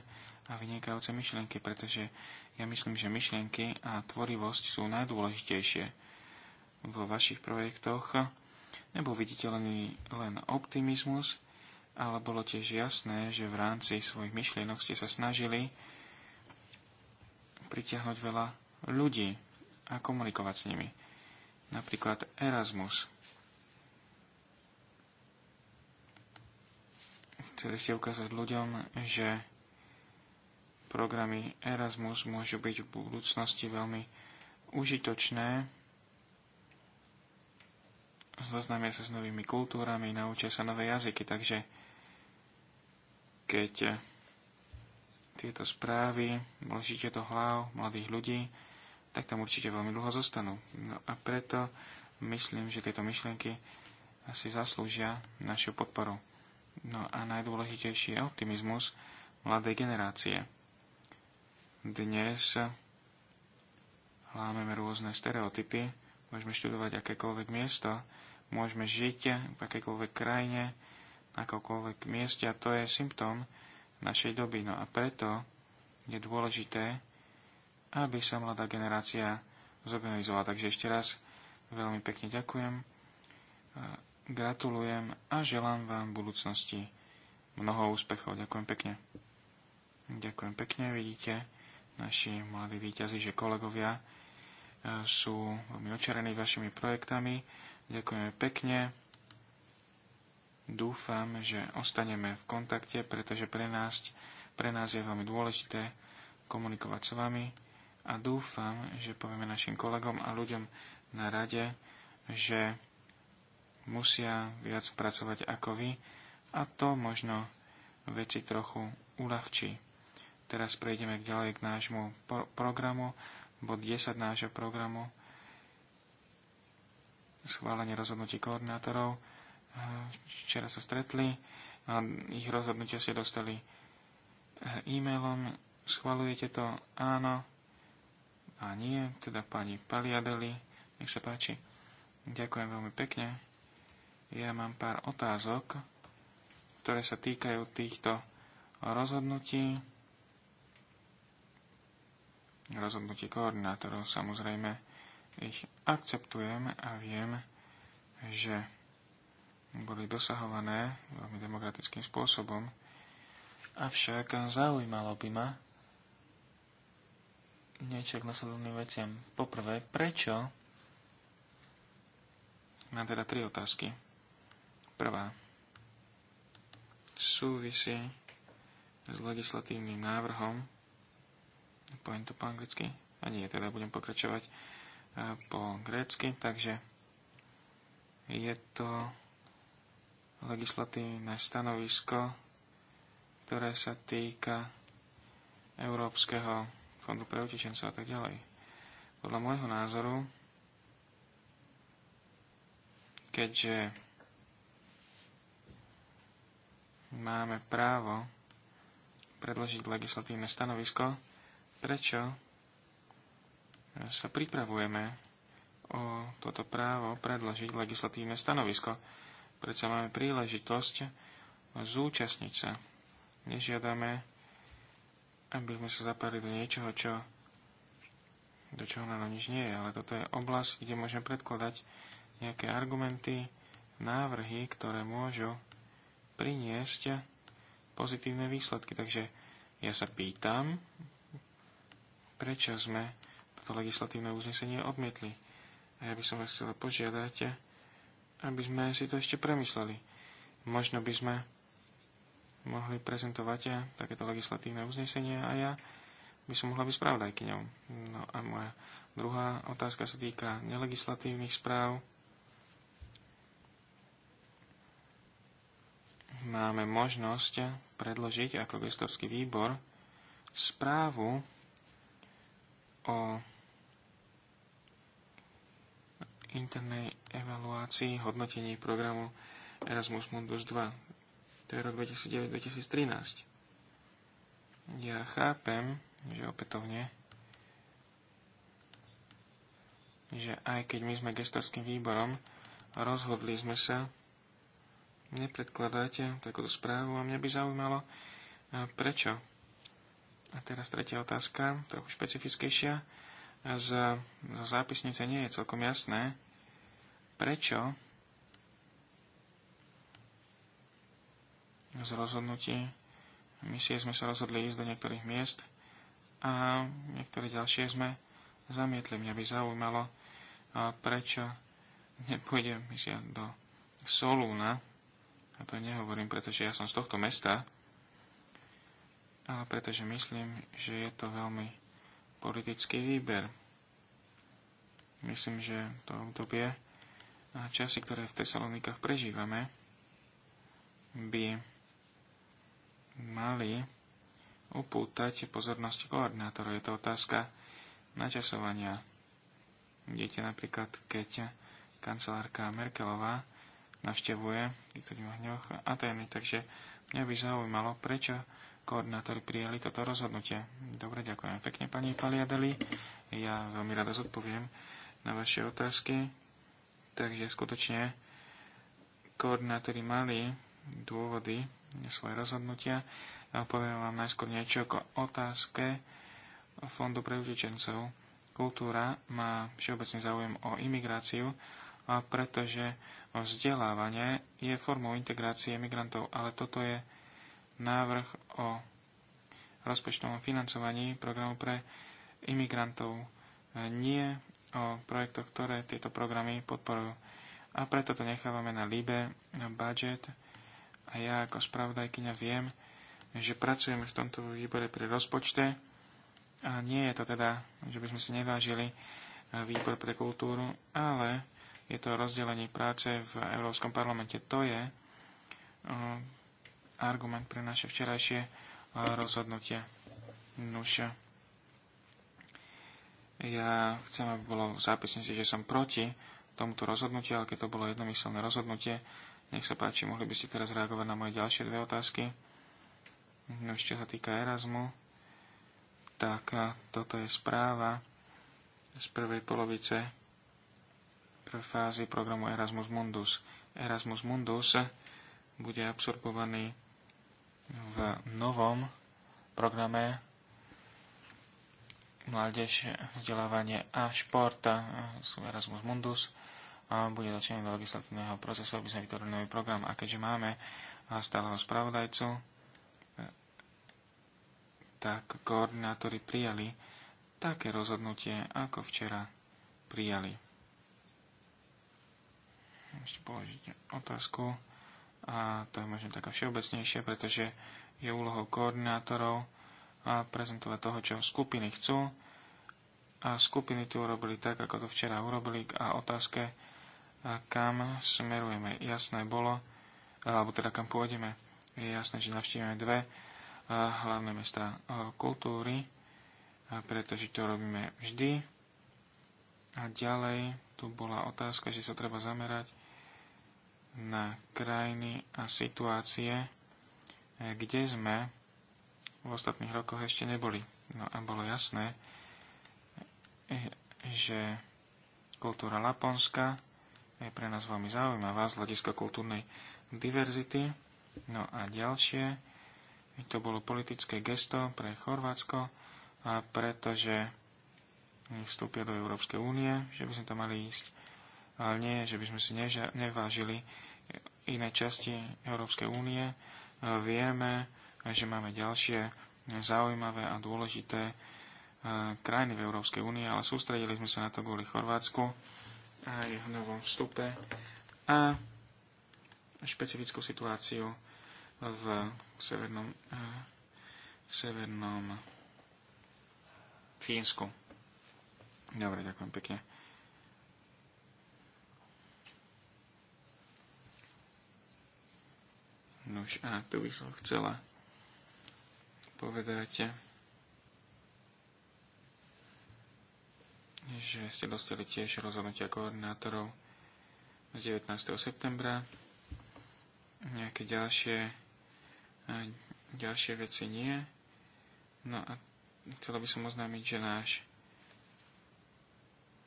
C: a vynikajúce myšlienky, pretože ja myslím, že myšlienky a tvorivosť sú najdôležitejšie vo vašich projektoch. Nebo viditeľný len optimizmus, ale bolo tiež jasné, že v rámci svojich myšlienok ste sa snažili pritiahnuť veľa ľudí a komunikovať s nimi. Napríklad Erasmus. Chceli ste ukázať ľuďom, že programy Erasmus môžu byť v budúcnosti veľmi užitočné. Zaznamia sa s novými kultúrami, naučia sa nové jazyky, takže keď tieto správy vložíte do hlav mladých ľudí, tak tam určite veľmi dlho zostanú. No a preto myslím, že tieto myšlienky asi zaslúžia našu podporu. No a najdôležitejší je optimizmus mladej generácie. Dnes hlámeme rôzne stereotypy, môžeme študovať akékoľvek miesto, môžeme žiť v akékoľvek krajine, akokoľvek mieste a to je symptóm našej doby. No a preto je dôležité, aby sa mladá generácia zorganizovala. Takže ešte raz veľmi pekne ďakujem, gratulujem a želám vám v budúcnosti mnoho úspechov. Ďakujem pekne. Ďakujem pekne, vidíte, naši mladí výťazí, že kolegovia eh, sú veľmi očarení vašimi projektami. Ďakujeme pekne. Dúfam, že ostaneme v kontakte, pretože pre nás, pre nás je veľmi dôležité komunikovať s vami a dúfam, že povieme našim kolegom a ľuďom na rade, že musia viac pracovať ako vy a to možno veci trochu uľahčí. Teraz prejdeme ďalej k nášmu pro- programu, bod 10 nášho programu, schválenie rozhodnutí koordinátorov Včera sa stretli, ich rozhodnutia ste dostali eh, e-mailom. Schvalujete to? Áno. A nie, teda pani Paliadeli. Nech sa páči. Ďakujem veľmi pekne. Ja mám pár otázok, ktoré sa týkajú týchto rozhodnutí. Rozhodnutie koordinátorov samozrejme ich akceptujem a viem, že boli dosahované veľmi demokratickým spôsobom. Avšak zaujímalo by ma niečo k nasledovným veciam. Poprvé, prečo? Mám teda tri otázky. Prvá. Súvisí s legislatívnym návrhom. Poviem to po anglicky. A nie, teda budem pokračovať eh, po grécky. Takže je to legislatívne stanovisko, ktoré sa týka Európskeho fondu pre utečencov a tak ďalej. Podľa môjho názoru, keďže máme právo predložiť legislatívne stanovisko, prečo sa pripravujeme o toto právo predložiť legislatívne stanovisko predsa máme príležitosť zúčastniť sa. Nežiadame, aby sme sa zapali do niečoho, čo, do čoho na nič nie je, ale toto je oblasť, kde môžem predkladať nejaké argumenty, návrhy, ktoré môžu priniesť pozitívne výsledky. Takže ja sa pýtam, prečo sme toto legislatívne uznesenie odmietli. A ja by som vás chcel požiadať, aby sme si to ešte premysleli. Možno by sme mohli prezentovať takéto legislatívne uznesenie a ja by som mohla byť spravodajkyňou. No a moja druhá otázka sa týka nelegislatívnych správ. Máme možnosť predložiť ako gestorský výbor správu o internej evaluácii hodnotení programu Erasmus Mundus 2. To je rok 2009-2013. Ja chápem, že opätovne, že aj keď my sme gestorským výborom, rozhodli sme sa nepredkladáte takúto správu a mňa by zaujímalo, prečo. A teraz tretia otázka, trochu špecifickejšia. Z, z zápisnice nie je celkom jasné, prečo z rozhodnutie misie sme sa rozhodli ísť do niektorých miest a niektoré ďalšie sme zamietli. Mňa by zaujímalo, prečo nepôjde misia do Solúna. A to nehovorím, pretože ja som z tohto mesta, ale pretože myslím, že je to veľmi politický výber. Myslím, že to obdobie časy, ktoré v Tesalonikách prežívame, by mali upútať pozornosť koordinátora. Je to otázka načasovania. Viete napríklad, keď kancelárka Merkelová navštevuje v týchto dňoch Atény, takže mňa by zaujímalo, prečo koordinátori prijali toto rozhodnutie. Dobre, ďakujem pekne, pani Paliadeli. Ja veľmi rada zodpoviem na vaše otázky Takže skutočne koordinátori mali dôvody svoje rozhodnutia. Ja poviem vám najskôr niečo o otázke Fondu pre užičencov. Kultúra má všeobecný záujem o imigráciu, a pretože vzdelávanie je formou integrácie migrantov, ale toto je návrh o rozpočtovom financovaní programu pre imigrantov, nie o projektoch, ktoré tieto programy podporujú. A preto to nechávame na líbe, na budget. A ja ako spravodajkyňa viem, že pracujeme v tomto výbore pri rozpočte. A nie je to teda, že by sme si nevážili eh, výbor pre kultúru, ale je to rozdelenie práce v Európskom parlamente. To je eh, argument pre naše včerajšie eh, rozhodnutie. Nuša. Ja chcem, aby bolo v zápisnici, že som proti tomuto rozhodnutiu, ale keď to bolo jednomyselné rozhodnutie, nech sa páči, mohli by ste teraz reagovať na moje ďalšie dve otázky. No ešte sa týka Erasmu, tak toto je správa z prvej polovice prvej fázy programu Erasmus Mundus. Erasmus Mundus bude absorbovaný v novom programe mládež, vzdelávanie a šport, sú Erasmus Mundus, a bude začlený do legislatívneho procesu, aby sme vytvorili nový program. A keďže máme stáleho spravodajcu, e, tak koordinátori prijali také rozhodnutie, ako včera prijali. Ešte položiť otázku. A to je možno taká všeobecnejšia, pretože je úlohou koordinátorov a prezentovať toho, čo skupiny chcú. A skupiny tu urobili tak, ako to včera urobili a otázke, a kam smerujeme. Jasné bolo, alebo teda kam pôjdeme. Je jasné, že navštívime dve hlavné mesta kultúry, pretože to robíme vždy. A ďalej tu bola otázka, že sa treba zamerať na krajiny a situácie, kde sme v ostatných rokoch ešte neboli. No a bolo jasné, e, že kultúra Laponska je pre nás veľmi zaujímavá z hľadiska kultúrnej diverzity. No a ďalšie, to bolo politické gesto pre Chorvátsko, a pretože vstúpia do Európskej únie, že by sme to mali ísť, ale nie, že by sme si neža- nevážili iné časti Európskej únie. Vieme, že máme ďalšie zaujímavé a dôležité e, krajiny v Európskej únie, ale sústredili sme sa na to kvôli Chorvátsku a jeho novom vstupe a špecifickú situáciu v severnom, e, v severnom Fínsku. Dobre, ďakujem pekne. Nož a tu by som chcela povedať, že ste dostali tiež rozhodnutia koordinátorov z 19. septembra. Nejaké ďalšie, ďalšie veci nie. No a chcela by som oznámiť, že náš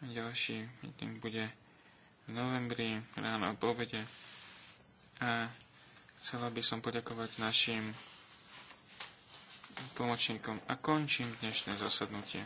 C: ďalší meeting bude v novembri ráno po obede. A chcela by som poďakovať našim tlmočníkom a končím dnešné zasadnutie.